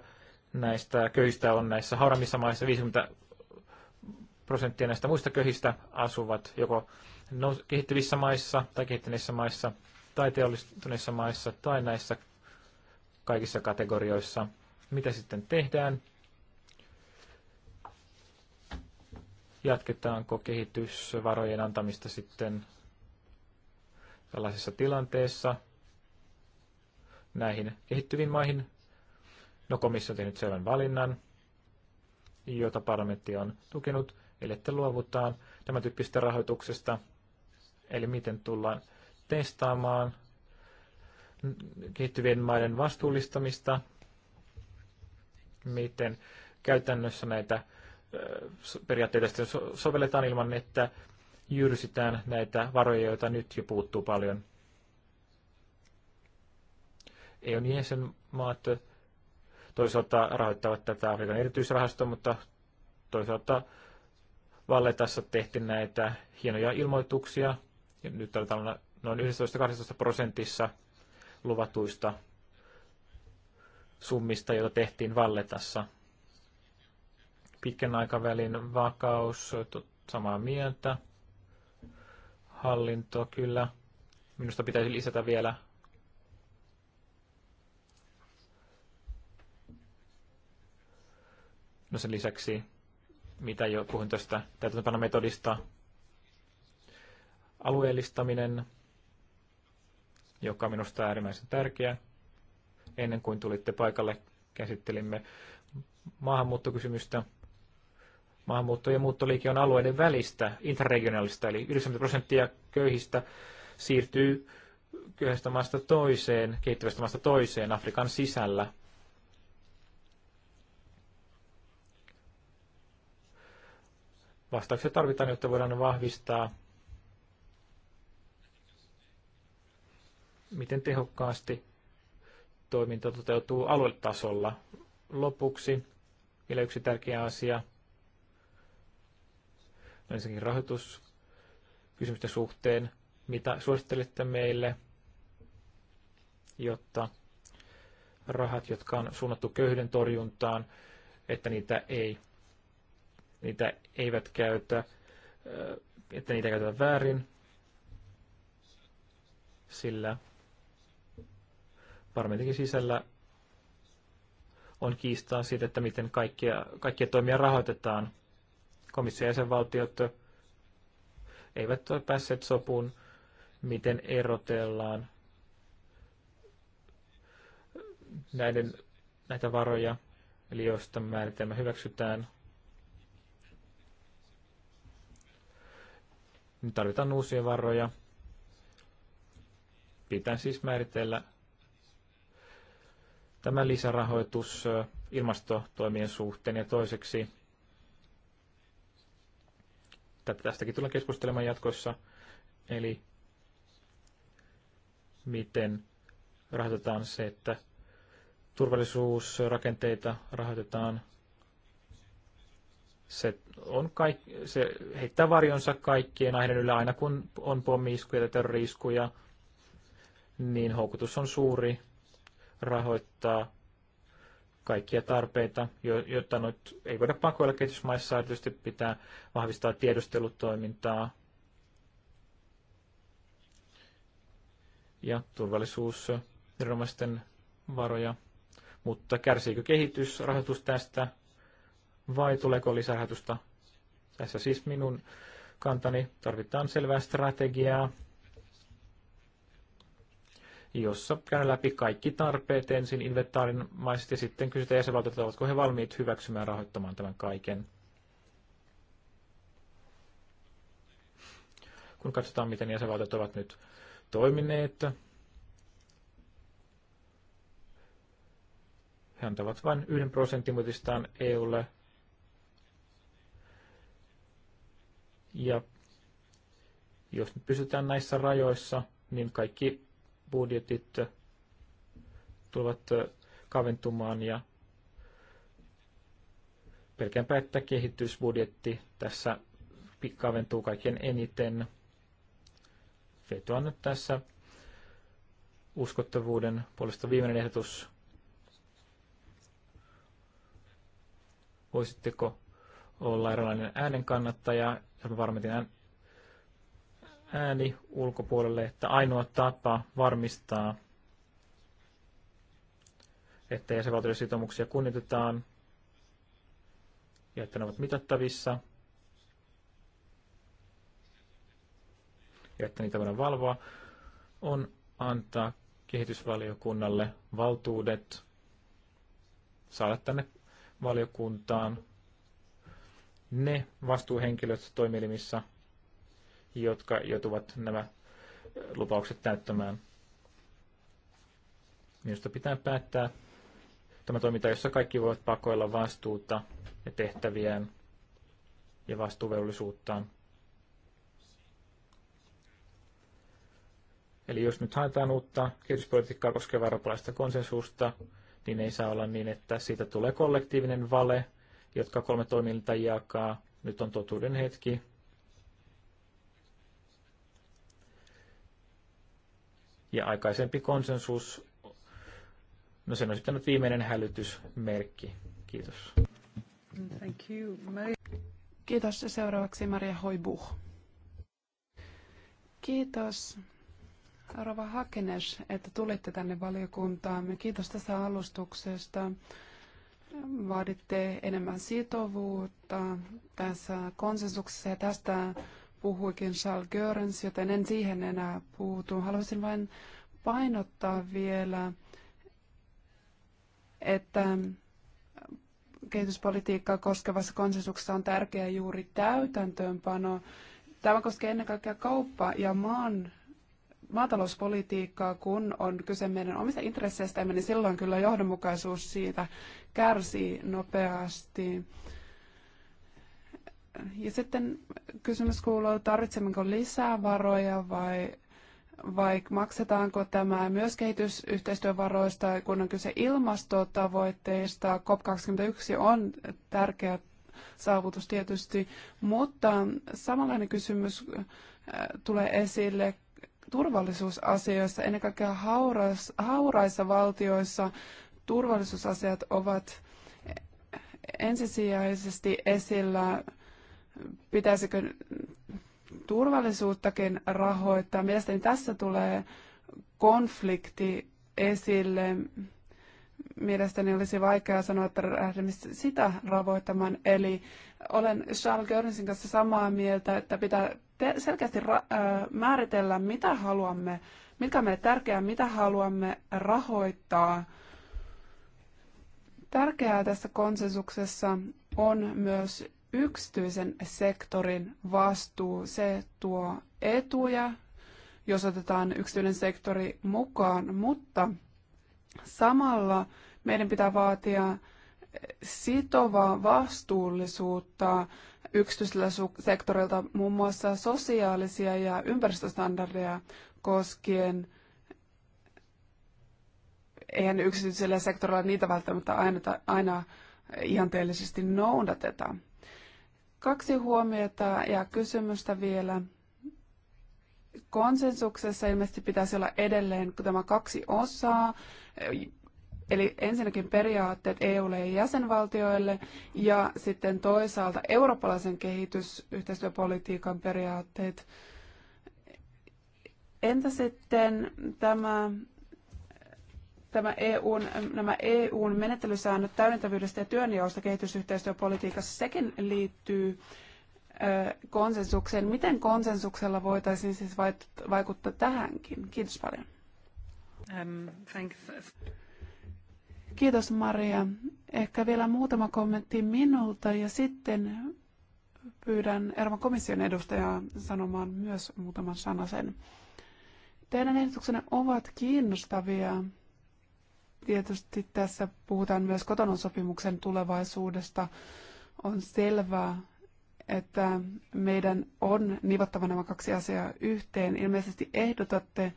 B: näistä köyhistä on näissä hauramissa maissa, 50 prosenttia näistä muista köyhistä asuvat joko no, kehittyvissä maissa tai kehittyneissä maissa tai teollistuneissa maissa tai näissä kaikissa kategorioissa. Mitä sitten tehdään? Jatketaanko kehitysvarojen antamista sitten tällaisessa tilanteessa näihin kehittyviin maihin? No komissio on tehnyt selvän valinnan, jota parlamentti on tukenut, eli että luovutaan tämän tyyppistä rahoituksesta, eli miten tullaan testaamaan kehittyvien maiden vastuullistamista, miten käytännössä näitä periaatteita sovelletaan ilman, että jyrsitään näitä varoja, joita nyt jo puuttuu paljon. EUn jäsenmaat toisaalta rahoittavat tätä Afrikan erityisrahastoa, mutta toisaalta Valletassa tehtiin näitä hienoja ilmoituksia. Ja nyt aletaan noin 11-12 prosentissa luvatuista summista, joita tehtiin Valletassa. Pitkän aikavälin vakaus, samaa mieltä. Hallinto, kyllä. Minusta pitäisi lisätä vielä No sen lisäksi, mitä jo puhuin tästä täytäntöpanometodista, alueellistaminen, joka on minusta äärimmäisen tärkeä. Ennen kuin tulitte paikalle, käsittelimme maahanmuuttokysymystä. Maahanmuutto ja muuttoliike on alueiden välistä, intraregionaalista, eli 90 prosenttia köyhistä siirtyy köyhästä maasta toiseen, kehittyvästä maasta toiseen Afrikan sisällä. Vastauksia tarvitaan, jotta voidaan vahvistaa miten tehokkaasti toiminta toteutuu aluetasolla. Lopuksi vielä yksi tärkeä asia. No ensinnäkin rahoituskysymysten suhteen. Mitä suosittelette meille, jotta rahat, jotka on suunnattu köyhyyden torjuntaan, että niitä ei niitä eivät käytä, että niitä käytetään väärin, sillä parlamentin sisällä on kiistaa siitä, että miten kaikkia, kaikkia toimia rahoitetaan. Komission jäsenvaltiot eivät ole päässeet sopuun, miten erotellaan näiden, näitä varoja, eli joista määritelmä hyväksytään, Nyt tarvitaan uusia varoja. Pitää siis määritellä tämä lisärahoitus ilmastotoimien suhteen ja toiseksi tästäkin tullaan keskustelemaan jatkossa, eli miten rahoitetaan se, että turvallisuusrakenteita rahoitetaan. Se, on kaik- se heittää varjonsa kaikkien aiheiden yllä aina kun on pommiiskuja tai terroriskuja, niin houkutus on suuri rahoittaa kaikkia tarpeita, jotta nyt ei voida pakoilla kehitysmaissa. Tietysti pitää vahvistaa tiedustelutoimintaa ja turvallisuusviranomaisten varoja. Mutta kärsiikö kehitysrahoitus tästä vai tuleeko lisärahoitusta? Tässä siis minun kantani. Tarvitaan selvää strategiaa, jossa käyn läpi kaikki tarpeet ensin inventaarimaisesti ja sitten kysytään jäsenvaltiolta, ovatko he valmiit hyväksymään rahoittamaan tämän kaiken. Kun katsotaan, miten jäsenvaltiot ovat nyt toimineet, he antavat vain yhden prosentin muutistaan EUlle. Ja jos nyt pysytään näissä rajoissa, niin kaikki budjetit tulevat kaventumaan ja pelkäänpä, että kehitysbudjetti tässä kaventuu kaiken eniten. Vetoan nyt tässä uskottavuuden puolesta viimeinen ehdotus. Voisitteko olla erilainen äänen kannattaja, varmitin ääni ulkopuolelle, että ainoa tapa varmistaa, että jäsenvaltioiden sitoumuksia kunnioitetaan ja että ne ovat mitattavissa ja että niitä voidaan valvoa, on antaa kehitysvaliokunnalle valtuudet saada tänne valiokuntaan ne vastuuhenkilöt toimielimissä, jotka joutuvat nämä lupaukset täyttämään. Minusta pitää päättää tämä toiminta, jossa kaikki voivat pakoilla vastuuta ja tehtäviään ja vastuuvelvollisuuttaan. Eli jos nyt haetaan uutta kehityspolitiikkaa koskevaa eurooppalaista konsensusta, niin ei saa olla niin, että siitä tulee kollektiivinen vale, jotka kolme toimintaa jakaa. Nyt on totuuden hetki. Ja aikaisempi konsensus, no sen on sitten nyt viimeinen hälytysmerkki. Kiitos.
A: Thank you. Kiitos. Seuraavaksi Maria Hoibuh. Kiitos. Rova Hakenes, että tulitte tänne valiokuntaan. Kiitos tästä alustuksesta. Vaaditte enemmän sitovuutta tässä konsensuksessa ja tästä puhuikin Charles Görens, joten en siihen enää puutu. Haluaisin vain painottaa vielä, että kehityspolitiikkaa koskevassa konsensuksessa on tärkeää juuri täytäntöönpano. Tämä koskee ennen kaikkea kauppa- ja maan, maatalouspolitiikkaa, kun on kyse meidän omista intresseistämme, niin silloin kyllä johdonmukaisuus siitä kärsii nopeasti. Ja sitten kysymys kuuluu, tarvitsemmeko lisää varoja vai, vai maksetaanko tämä myös kehitysyhteistyövaroista, kun on kyse ilmastotavoitteista. COP21 on tärkeä saavutus tietysti, mutta samanlainen kysymys äh, tulee esille turvallisuusasioissa, ennen kaikkea hauras, hauraissa valtioissa turvallisuusasiat ovat ensisijaisesti esillä pitäisikö turvallisuuttakin rahoittaa. Mielestäni tässä tulee konflikti esille. Mielestäni olisi vaikea sanoa, että lähdemme sitä rahoittamaan. Eli olen Charles Görnsin kanssa samaa mieltä, että pitää selkeästi määritellä, mitä haluamme, mitkä meille tärkeää, mitä haluamme rahoittaa. Tärkeää tässä konsensuksessa on myös yksityisen sektorin vastuu. Se tuo etuja, jos otetaan yksityinen sektori mukaan, mutta samalla meidän pitää vaatia sitovaa vastuullisuutta yksityisellä sektorilta muun muassa sosiaalisia ja ympäristöstandardeja koskien. Eihän yksityisellä sektorilla niitä välttämättä aina, aina ihanteellisesti noudateta. Kaksi huomiota ja kysymystä vielä. Konsensuksessa ilmeisesti pitäisi olla edelleen tämä kaksi osaa, eli ensinnäkin periaatteet EUlle ja jäsenvaltioille ja sitten toisaalta eurooppalaisen kehitysyhteistyöpolitiikan periaatteet. Entä sitten tämä tämä EUn, nämä EUn menettelysäännöt täydentävyydestä ja työnjaosta kehitysyhteistyöpolitiikassa, sekin liittyy konsensukseen. Miten konsensuksella voitaisiin siis vaikuttaa tähänkin? Kiitos paljon. Um, Kiitos Maria. Ehkä vielä muutama kommentti minulta ja sitten pyydän Euroopan komission edustajaa sanomaan myös muutaman sanasen. Teidän ehdotuksenne ovat kiinnostavia tietysti tässä puhutaan myös kotonon sopimuksen tulevaisuudesta. On selvää, että meidän on nivottava nämä kaksi asiaa yhteen. Ilmeisesti ehdotatte,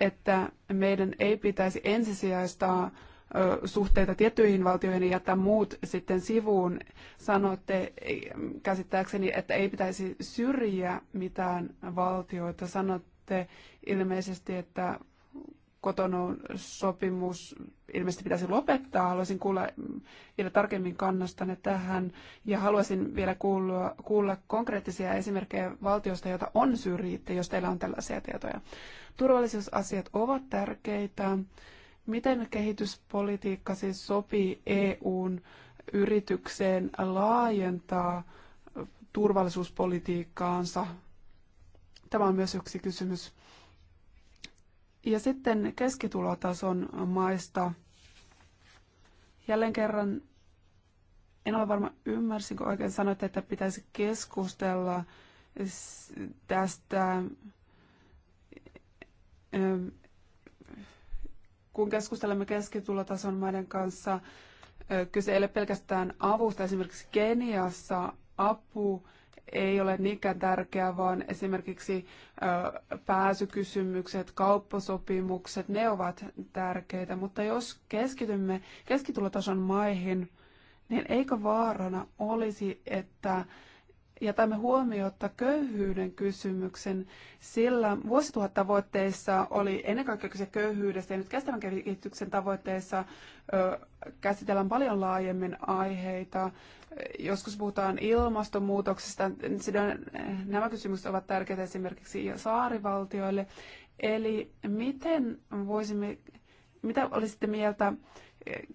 A: että meidän ei pitäisi ensisijaistaa suhteita tiettyihin valtioihin ja jättää muut sitten sivuun. Sanotte käsittääkseni, että ei pitäisi syrjiä mitään valtioita. Sanotte ilmeisesti, että kotonon sopimus ilmeisesti pitäisi lopettaa. Haluaisin kuulla vielä tarkemmin kannastanne tähän ja haluaisin vielä kuulla, kuulla konkreettisia esimerkkejä valtioista, joita on syrjitty, jos teillä on tällaisia tietoja. Turvallisuusasiat ovat tärkeitä. Miten kehityspolitiikka siis sopii EUn yritykseen laajentaa turvallisuuspolitiikkaansa? Tämä on myös yksi kysymys. Ja sitten keskitulotason maista. Jälleen kerran, en ole varma ymmärsinkö oikein, sanoitte, että pitäisi keskustella tästä, ähm, kun keskustelemme keskitulotason maiden kanssa, äh, kyse ei ole pelkästään avusta. Esimerkiksi Keniassa apu ei ole niinkään tärkeää, vaan esimerkiksi pääsykysymykset, kauppasopimukset, ne ovat tärkeitä. Mutta jos keskitymme keskitulotason maihin, niin eikö vaarana olisi, että jätämme huomiota köyhyyden kysymyksen, sillä vuosituhattavoitteissa oli ennen kaikkea kyse köyhyydestä ja nyt kestävän kehityksen tavoitteissa ö, käsitellään paljon laajemmin aiheita. Joskus puhutaan ilmastonmuutoksesta, sillä nämä kysymykset ovat tärkeitä esimerkiksi saarivaltioille. Eli miten voisimme, mitä olisitte mieltä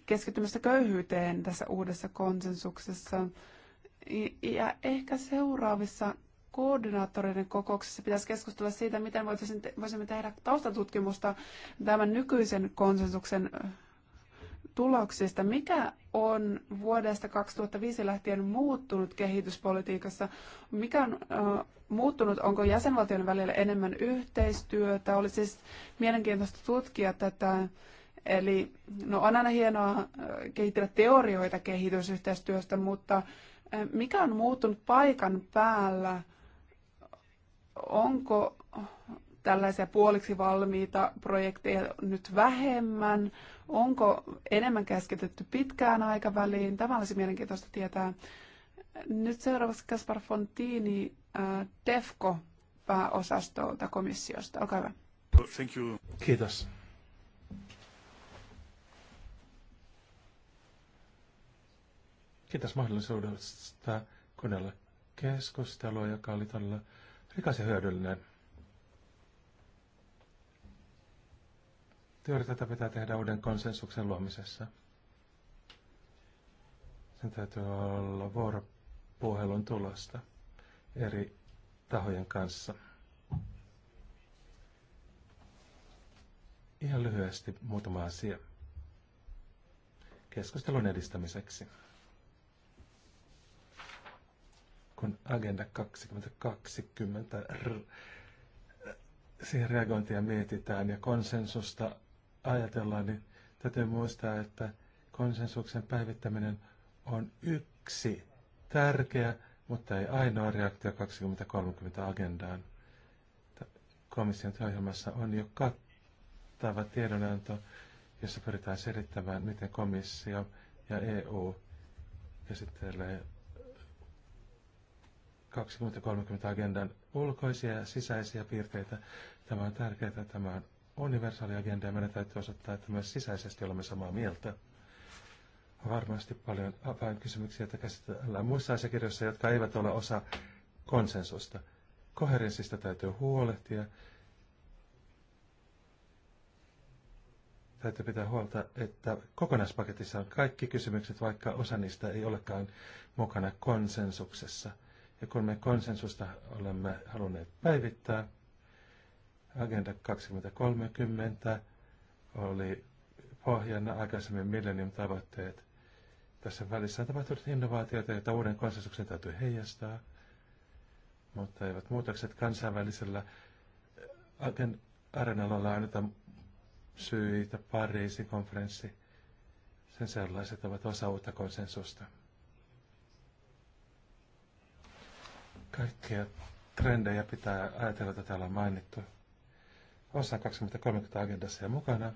A: keskittymästä köyhyyteen tässä uudessa konsensuksessa? Ja ehkä seuraavissa koordinaattoreiden kokouksessa pitäisi keskustella siitä, miten voisimme tehdä taustatutkimusta tämän nykyisen konsensuksen tuloksista. Mikä on vuodesta 2005 lähtien muuttunut kehityspolitiikassa? Mikä on uh, muuttunut? Onko jäsenvaltioiden välillä enemmän yhteistyötä? Oli siis mielenkiintoista tutkia tätä. Eli no on aina hienoa kehittää teorioita kehitysyhteistyöstä, mutta mikä on muuttunut paikan päällä? Onko tällaisia puoliksi valmiita projekteja nyt vähemmän? Onko enemmän keskitytty pitkään aikaväliin? Tämä olisi mielenkiintoista tietää. Nyt seuraavaksi Kaspar Fontini äh, DEFCO pääosastolta komissiosta. Olkaa hyvä.
C: Thank you. Kiitos. Kiitos mahdollisuudesta kuunnella keskustelua, joka oli todella rikas ja hyödyllinen. Työtä tätä pitää tehdä uuden konsensuksen luomisessa. Sen täytyy olla vuoropuhelun tulosta eri tahojen kanssa. Ihan lyhyesti muutama asia keskustelun edistämiseksi. kun Agenda 2020 rr, siihen reagointia mietitään ja konsensusta ajatellaan, niin täytyy muistaa, että konsensuksen päivittäminen on yksi tärkeä, mutta ei ainoa reaktio 2030 agendaan. Komission työohjelmassa on jo kattava tiedonanto, jossa pyritään selittämään, miten komissio ja EU käsittelee 2030 agendan ulkoisia ja sisäisiä piirteitä. Tämä on tärkeää, tämä on universaali agenda ja meidän täytyy osoittaa, että myös sisäisesti olemme samaa mieltä. On varmasti paljon avainkysymyksiä, joita käsitellään muissa asiakirjoissa, jotka eivät ole osa konsensusta. Koherenssista täytyy huolehtia. Täytyy pitää huolta, että kokonaispaketissa on kaikki kysymykset, vaikka osa niistä ei olekaan mukana konsensuksessa – ja kun me konsensusta olemme halunneet päivittää, Agenda 2030 oli pohjana aikaisemmin millennium-tavoitteet. Tässä välissä on tapahtunut innovaatioita, joita uuden konsensuksen täytyy heijastaa, mutta eivät muutokset kansainvälisellä areenalla anneta syitä, Pariisin konferenssi, sen sellaiset ovat osa uutta konsensusta. Kaikkia trendejä pitää ajatella, että täällä on mainittu. Osa 2030 agendassa ja mukana.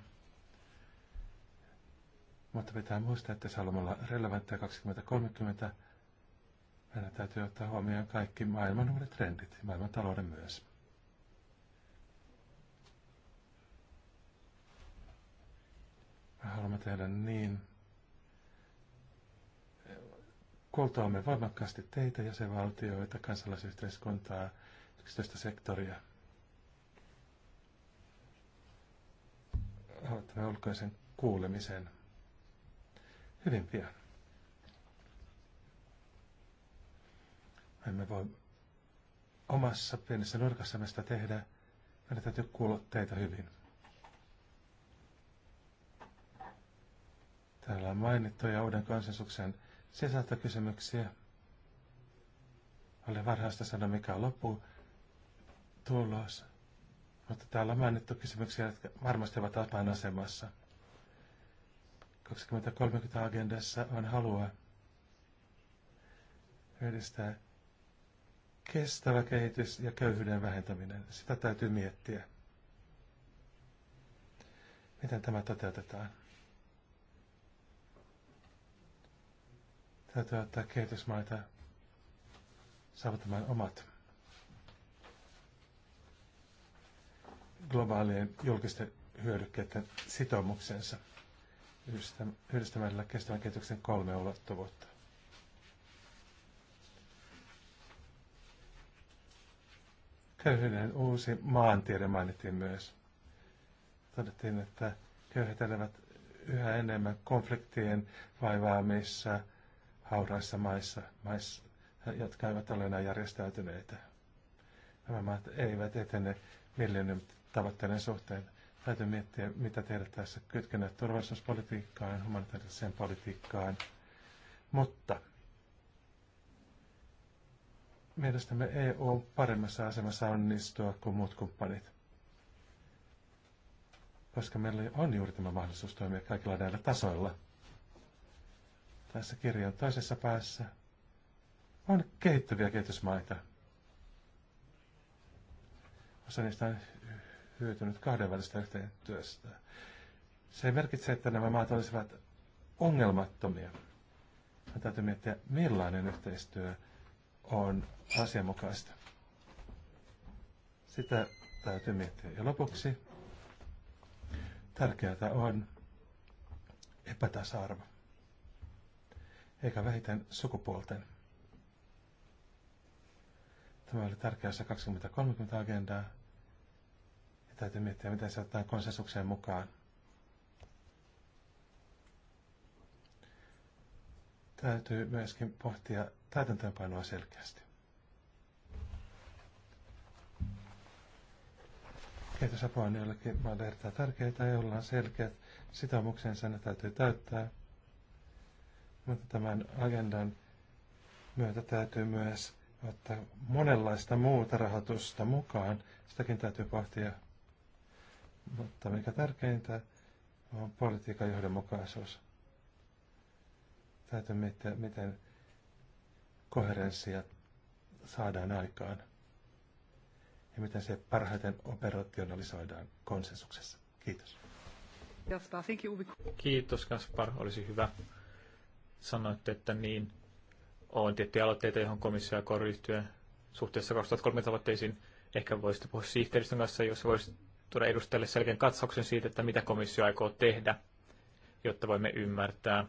C: Mutta pitää muistaa, että jos haluamme olla relevantteja 2030, meidän täytyy ottaa huomioon kaikki maailman uudet trendit, maailman talouden myös. Me haluamme tehdä niin, kultaamme voimakkaasti teitä, jäsenvaltioita, kansalaisyhteiskuntaa, yksityistä sektoria. Aloitamme ulkoisen kuulemisen hyvin pian. Emme voi omassa pienessä nurkassamme sitä tehdä. Meidän täytyy kuulla teitä hyvin. Täällä on mainittuja uuden konsensuksen sisältökysymyksiä. Oli varhaista sanoa, mikä on loppu tulos. Mutta täällä on mainittu kysymyksiä, jotka varmasti ovat asemassa. 2030 agendassa on halua yhdistää kestävä kehitys ja köyhyyden vähentäminen. Sitä täytyy miettiä. Miten tämä toteutetaan? Täytyy ottaa kehitysmaita saavuttamaan omat globaalien julkisten hyödykkeiden sitoumuksensa yhdistämällä kestävän kehityksen kolme ulottuvuutta. Köyhyyden uusi maantiede mainittiin myös. Todettiin, että köyhät elävät yhä enemmän konfliktien vaivaamissa hauraissa maissa, maissa jotka eivät ole enää järjestäytyneitä. Nämä maat eivät etene millennium tavoitteiden suhteen. Täytyy miettiä, mitä tehdä tässä kytkennät turvallisuuspolitiikkaan, humanitaariseen politiikkaan. Mutta mielestämme EU on paremmassa asemassa onnistua kuin muut kumppanit. Koska meillä on juuri tämä mahdollisuus toimia kaikilla näillä tasoilla. Tässä kirjan toisessa päässä on kehittyviä kehitysmaita. Osa niistä on hyötynyt kahdenvälistä yhteistyöstä. Se ei merkitse, että nämä maat olisivat ongelmattomia. Me täytyy miettiä, millainen yhteistyö on asianmukaista. Sitä täytyy miettiä. Ja lopuksi tärkeää on epätasa-arvo eikä vähiten sukupuolten. Tämä oli tärkeässä 2030 agendaa ja täytyy miettiä, miten se ottaa konsensukseen mukaan. Täytyy myöskin pohtia täytäntöönpanoa selkeästi. Kehitysapua on joillekin maille erittäin tärkeitä, ja ollaan selkeät sitoumuksensa, ne täytyy täyttää – mutta tämän agendan myötä täytyy myös ottaa monenlaista muuta rahoitusta mukaan. Sitäkin täytyy pohtia. Mutta mikä tärkeintä on politiikan johdonmukaisuus. Täytyy miettiä, miten koherenssia saadaan aikaan ja miten se parhaiten operationalisoidaan konsensuksessa. Kiitos. Kiitos Kaspar, olisi hyvä sanoitte,
B: että niin on tiettyjä aloitteita, johon komissio aikoo ryhtyä suhteessa 2030 tavoitteisiin. Ehkä voisitte puhua sihteeristön kanssa, jos voisi tuoda edustajille selkeän katsauksen siitä, että mitä komissio aikoo tehdä, jotta voimme ymmärtää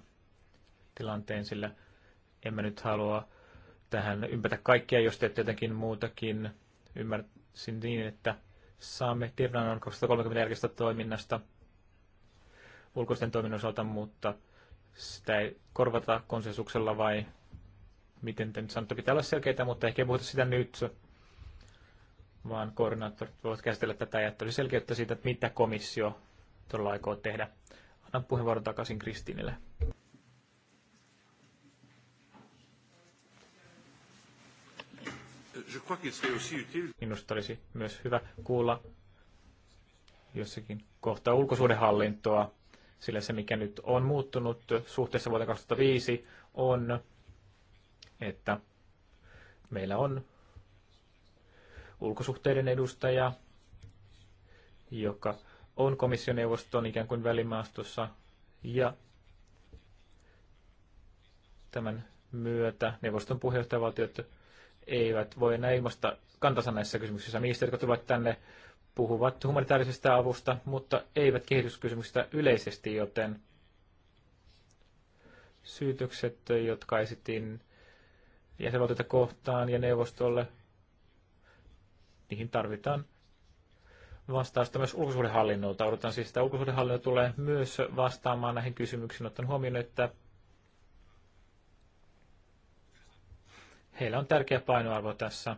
B: tilanteen, sillä emme nyt halua tähän ympätä kaikkia, jos teette jotenkin muutakin. Ymmärsin niin, että saamme tiedonannon 2030 järkestä toiminnasta ulkoisten toiminnan osalta, mutta sitä ei korvata konsensuksella vai miten te nyt sanotte, pitää olla selkeitä, mutta ehkä ei puhuta sitä nyt, vaan koordinaattorit voivat käsitellä tätä ja että selkeyttä siitä, että mitä komissio todella aikoo tehdä. Annan puheenvuoron takaisin Kristiinille. Minusta olisi myös hyvä kuulla jossakin kohtaa ulkosuudenhallintoa sillä se mikä nyt on muuttunut suhteessa vuoteen 2005 on, että meillä on ulkosuhteiden edustaja, joka on komissioneuvoston ikään kuin välimaastossa ja tämän myötä neuvoston puheenjohtajavaltiot eivät voi enää ilmaista kantansa näissä kysymyksissä. Ministerit, jotka tulevat tänne, puhuvat humanitaarisesta avusta, mutta eivät kehityskysymyksistä yleisesti, joten syytökset, jotka esitin jäsenvaltioita kohtaan ja neuvostolle, niihin tarvitaan vastausta myös ulkosuhdehallinnolta. Odotan siis, että ulkosuhdehallinto tulee myös vastaamaan näihin kysymyksiin, ottaen huomioon, että heillä on tärkeä painoarvo tässä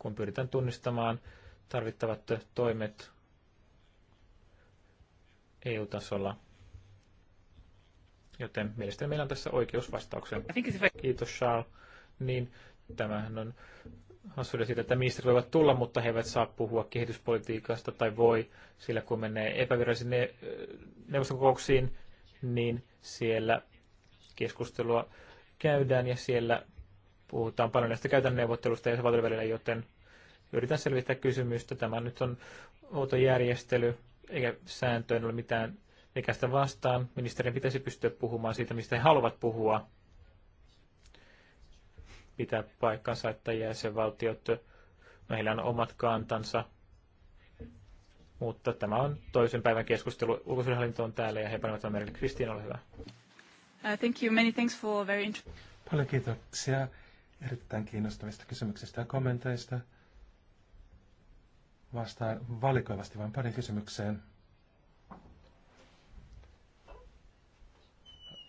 B: kun pyritään tunnistamaan tarvittavat toimet EU-tasolla. Joten mielestäni meillä on tässä oikeus vastaukseen. Kiitos Charles. Niin, tämähän on hassuuden siitä, että ministerit voivat tulla, mutta he eivät saa puhua kehityspolitiikasta tai voi, sillä kun menee epävirallisiin ne, neuvoston kokouksiin, niin siellä keskustelua käydään ja siellä puhutaan paljon näistä käytännön neuvottelusta ja valtion välillä, joten yritän selvittää kysymystä. Tämä nyt on outo järjestely, eikä sääntöön ole mitään mikä sitä vastaan. Ministerin pitäisi pystyä puhumaan siitä, mistä he haluavat puhua. Pitää paikkansa, että jäsenvaltiot, no heillä on omat kantansa. Mutta tämä on toisen päivän keskustelu. Ulkosuudenhallinto on täällä ja he panevat tämän merkille. Kristiina, ole hyvä. Uh,
A: thank you. Many thanks for very
C: Paljon kiitoksia erittäin kiinnostavista kysymyksistä ja kommenteista. Vastaan valikoivasti vain pari kysymykseen.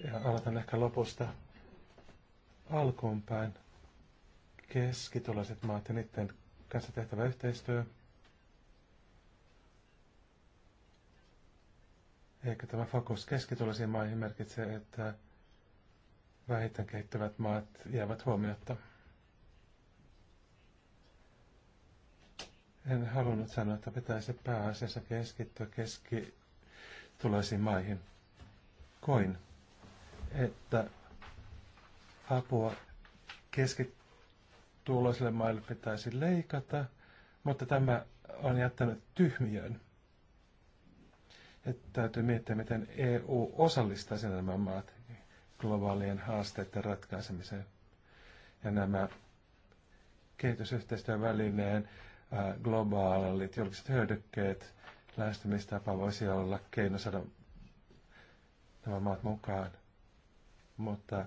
C: Ja aloitan ehkä lopusta alkuun päin. Keskituloiset maat ja niiden kanssa tehtävä yhteistyö. Eikö tämä fokus keskituloisiin maihin merkitsee, että vähiten kehittyvät maat jäävät huomiotta. En halunnut sanoa, että pitäisi pääasiassa keskittyä keskituloisiin maihin. Koin, että apua keskituloisille maille pitäisi leikata, mutta tämä on jättänyt tyhmiön. Että täytyy miettiä, miten EU osallistaisi nämä maat globaalien haasteiden ratkaisemiseen. Ja nämä kehitysyhteistyön välineen globaalit julkiset hyödykkeet, lähestymistapa voisi olla keino saada nämä maat mukaan. Mutta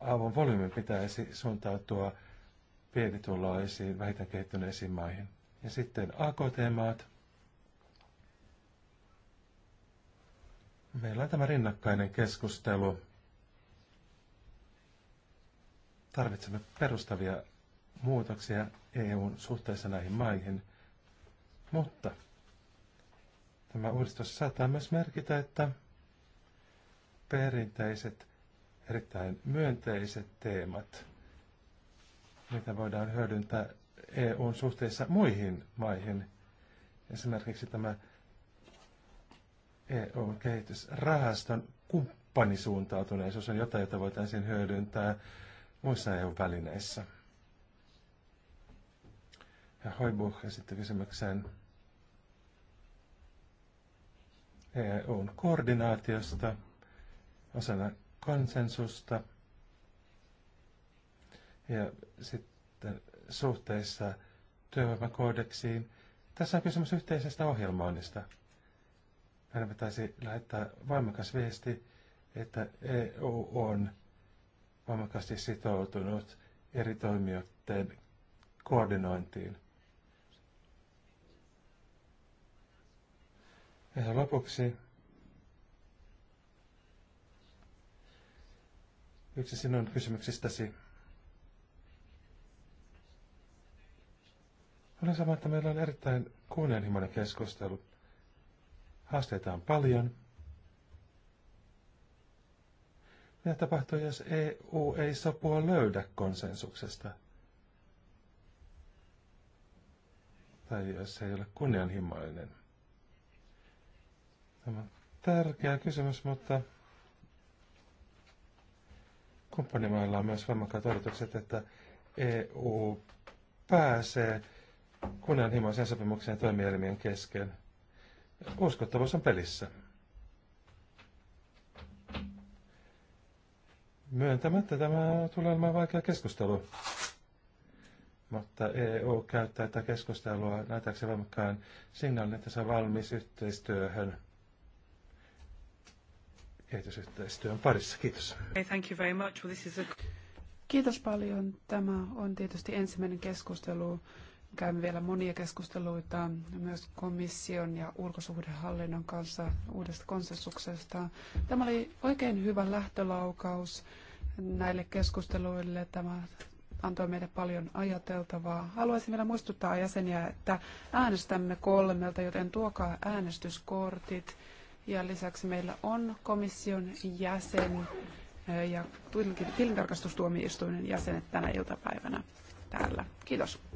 C: avun volyymin pitäisi suuntautua pienituloisiin, vähiten kehittyneisiin maihin. Ja sitten AKT-maat. Meillä on tämä rinnakkainen keskustelu Tarvitsemme perustavia muutoksia EUn suhteessa näihin maihin, mutta tämä uudistus saattaa myös merkitä, että perinteiset, erittäin myönteiset teemat, mitä voidaan hyödyntää EUn suhteessa muihin maihin, esimerkiksi tämä EUn kehitysrahaston kumppanisuuntautuneisuus on jotain, jota voitaisiin hyödyntää muissa EU-välineissä. Ja Hoibuch esitti kysymykseen EUn koordinaatiosta osana konsensusta ja sitten suhteessa työvoimakoodeksiin. Tässä on kysymys yhteisestä ohjelmoinnista. Meidän pitäisi lähettää voimakas viesti, että EU on voimakkaasti sitoutunut eri toimijoiden koordinointiin. Ja lopuksi yksi sinun kysymyksistäsi. Olen sama, että meillä on erittäin kunnianhimoinen keskustelu. Haasteita on paljon. Mitä tapahtuu, jos EU ei sopua löydä konsensuksesta? Tai jos se ei ole kunnianhimoinen? Tämä on tärkeä kysymys, mutta kumppanimailla on myös voimakkaat odotukset, että EU pääsee kunnianhimoiseen sopimukseen toimielimien kesken. Uskottavuus on pelissä. Myöntämättä tämä tulee olemaan vaikea keskustelu. Mutta EU käyttää tätä keskustelua näytääkseen voimakkaan signaalin, että se on valmis yhteistyöhön kehitysyhteistyön parissa. Kiitos.
A: Hey, thank you very much. Well, this is a... Kiitos paljon. Tämä on tietysti ensimmäinen keskustelu. Käymme vielä monia keskusteluita myös komission ja ulkosuhdehallinnon kanssa uudesta konsensuksesta. Tämä oli oikein hyvä lähtölaukaus näille keskusteluille. Tämä antoi meille paljon ajateltavaa. Haluaisin vielä muistuttaa jäseniä, että äänestämme kolmelta, joten tuokaa äänestyskortit. Ja lisäksi meillä on komission jäsen
C: eh, ja tilintarkastustuomioistuimen jäsenet tänä iltapäivänä täällä. Kiitos.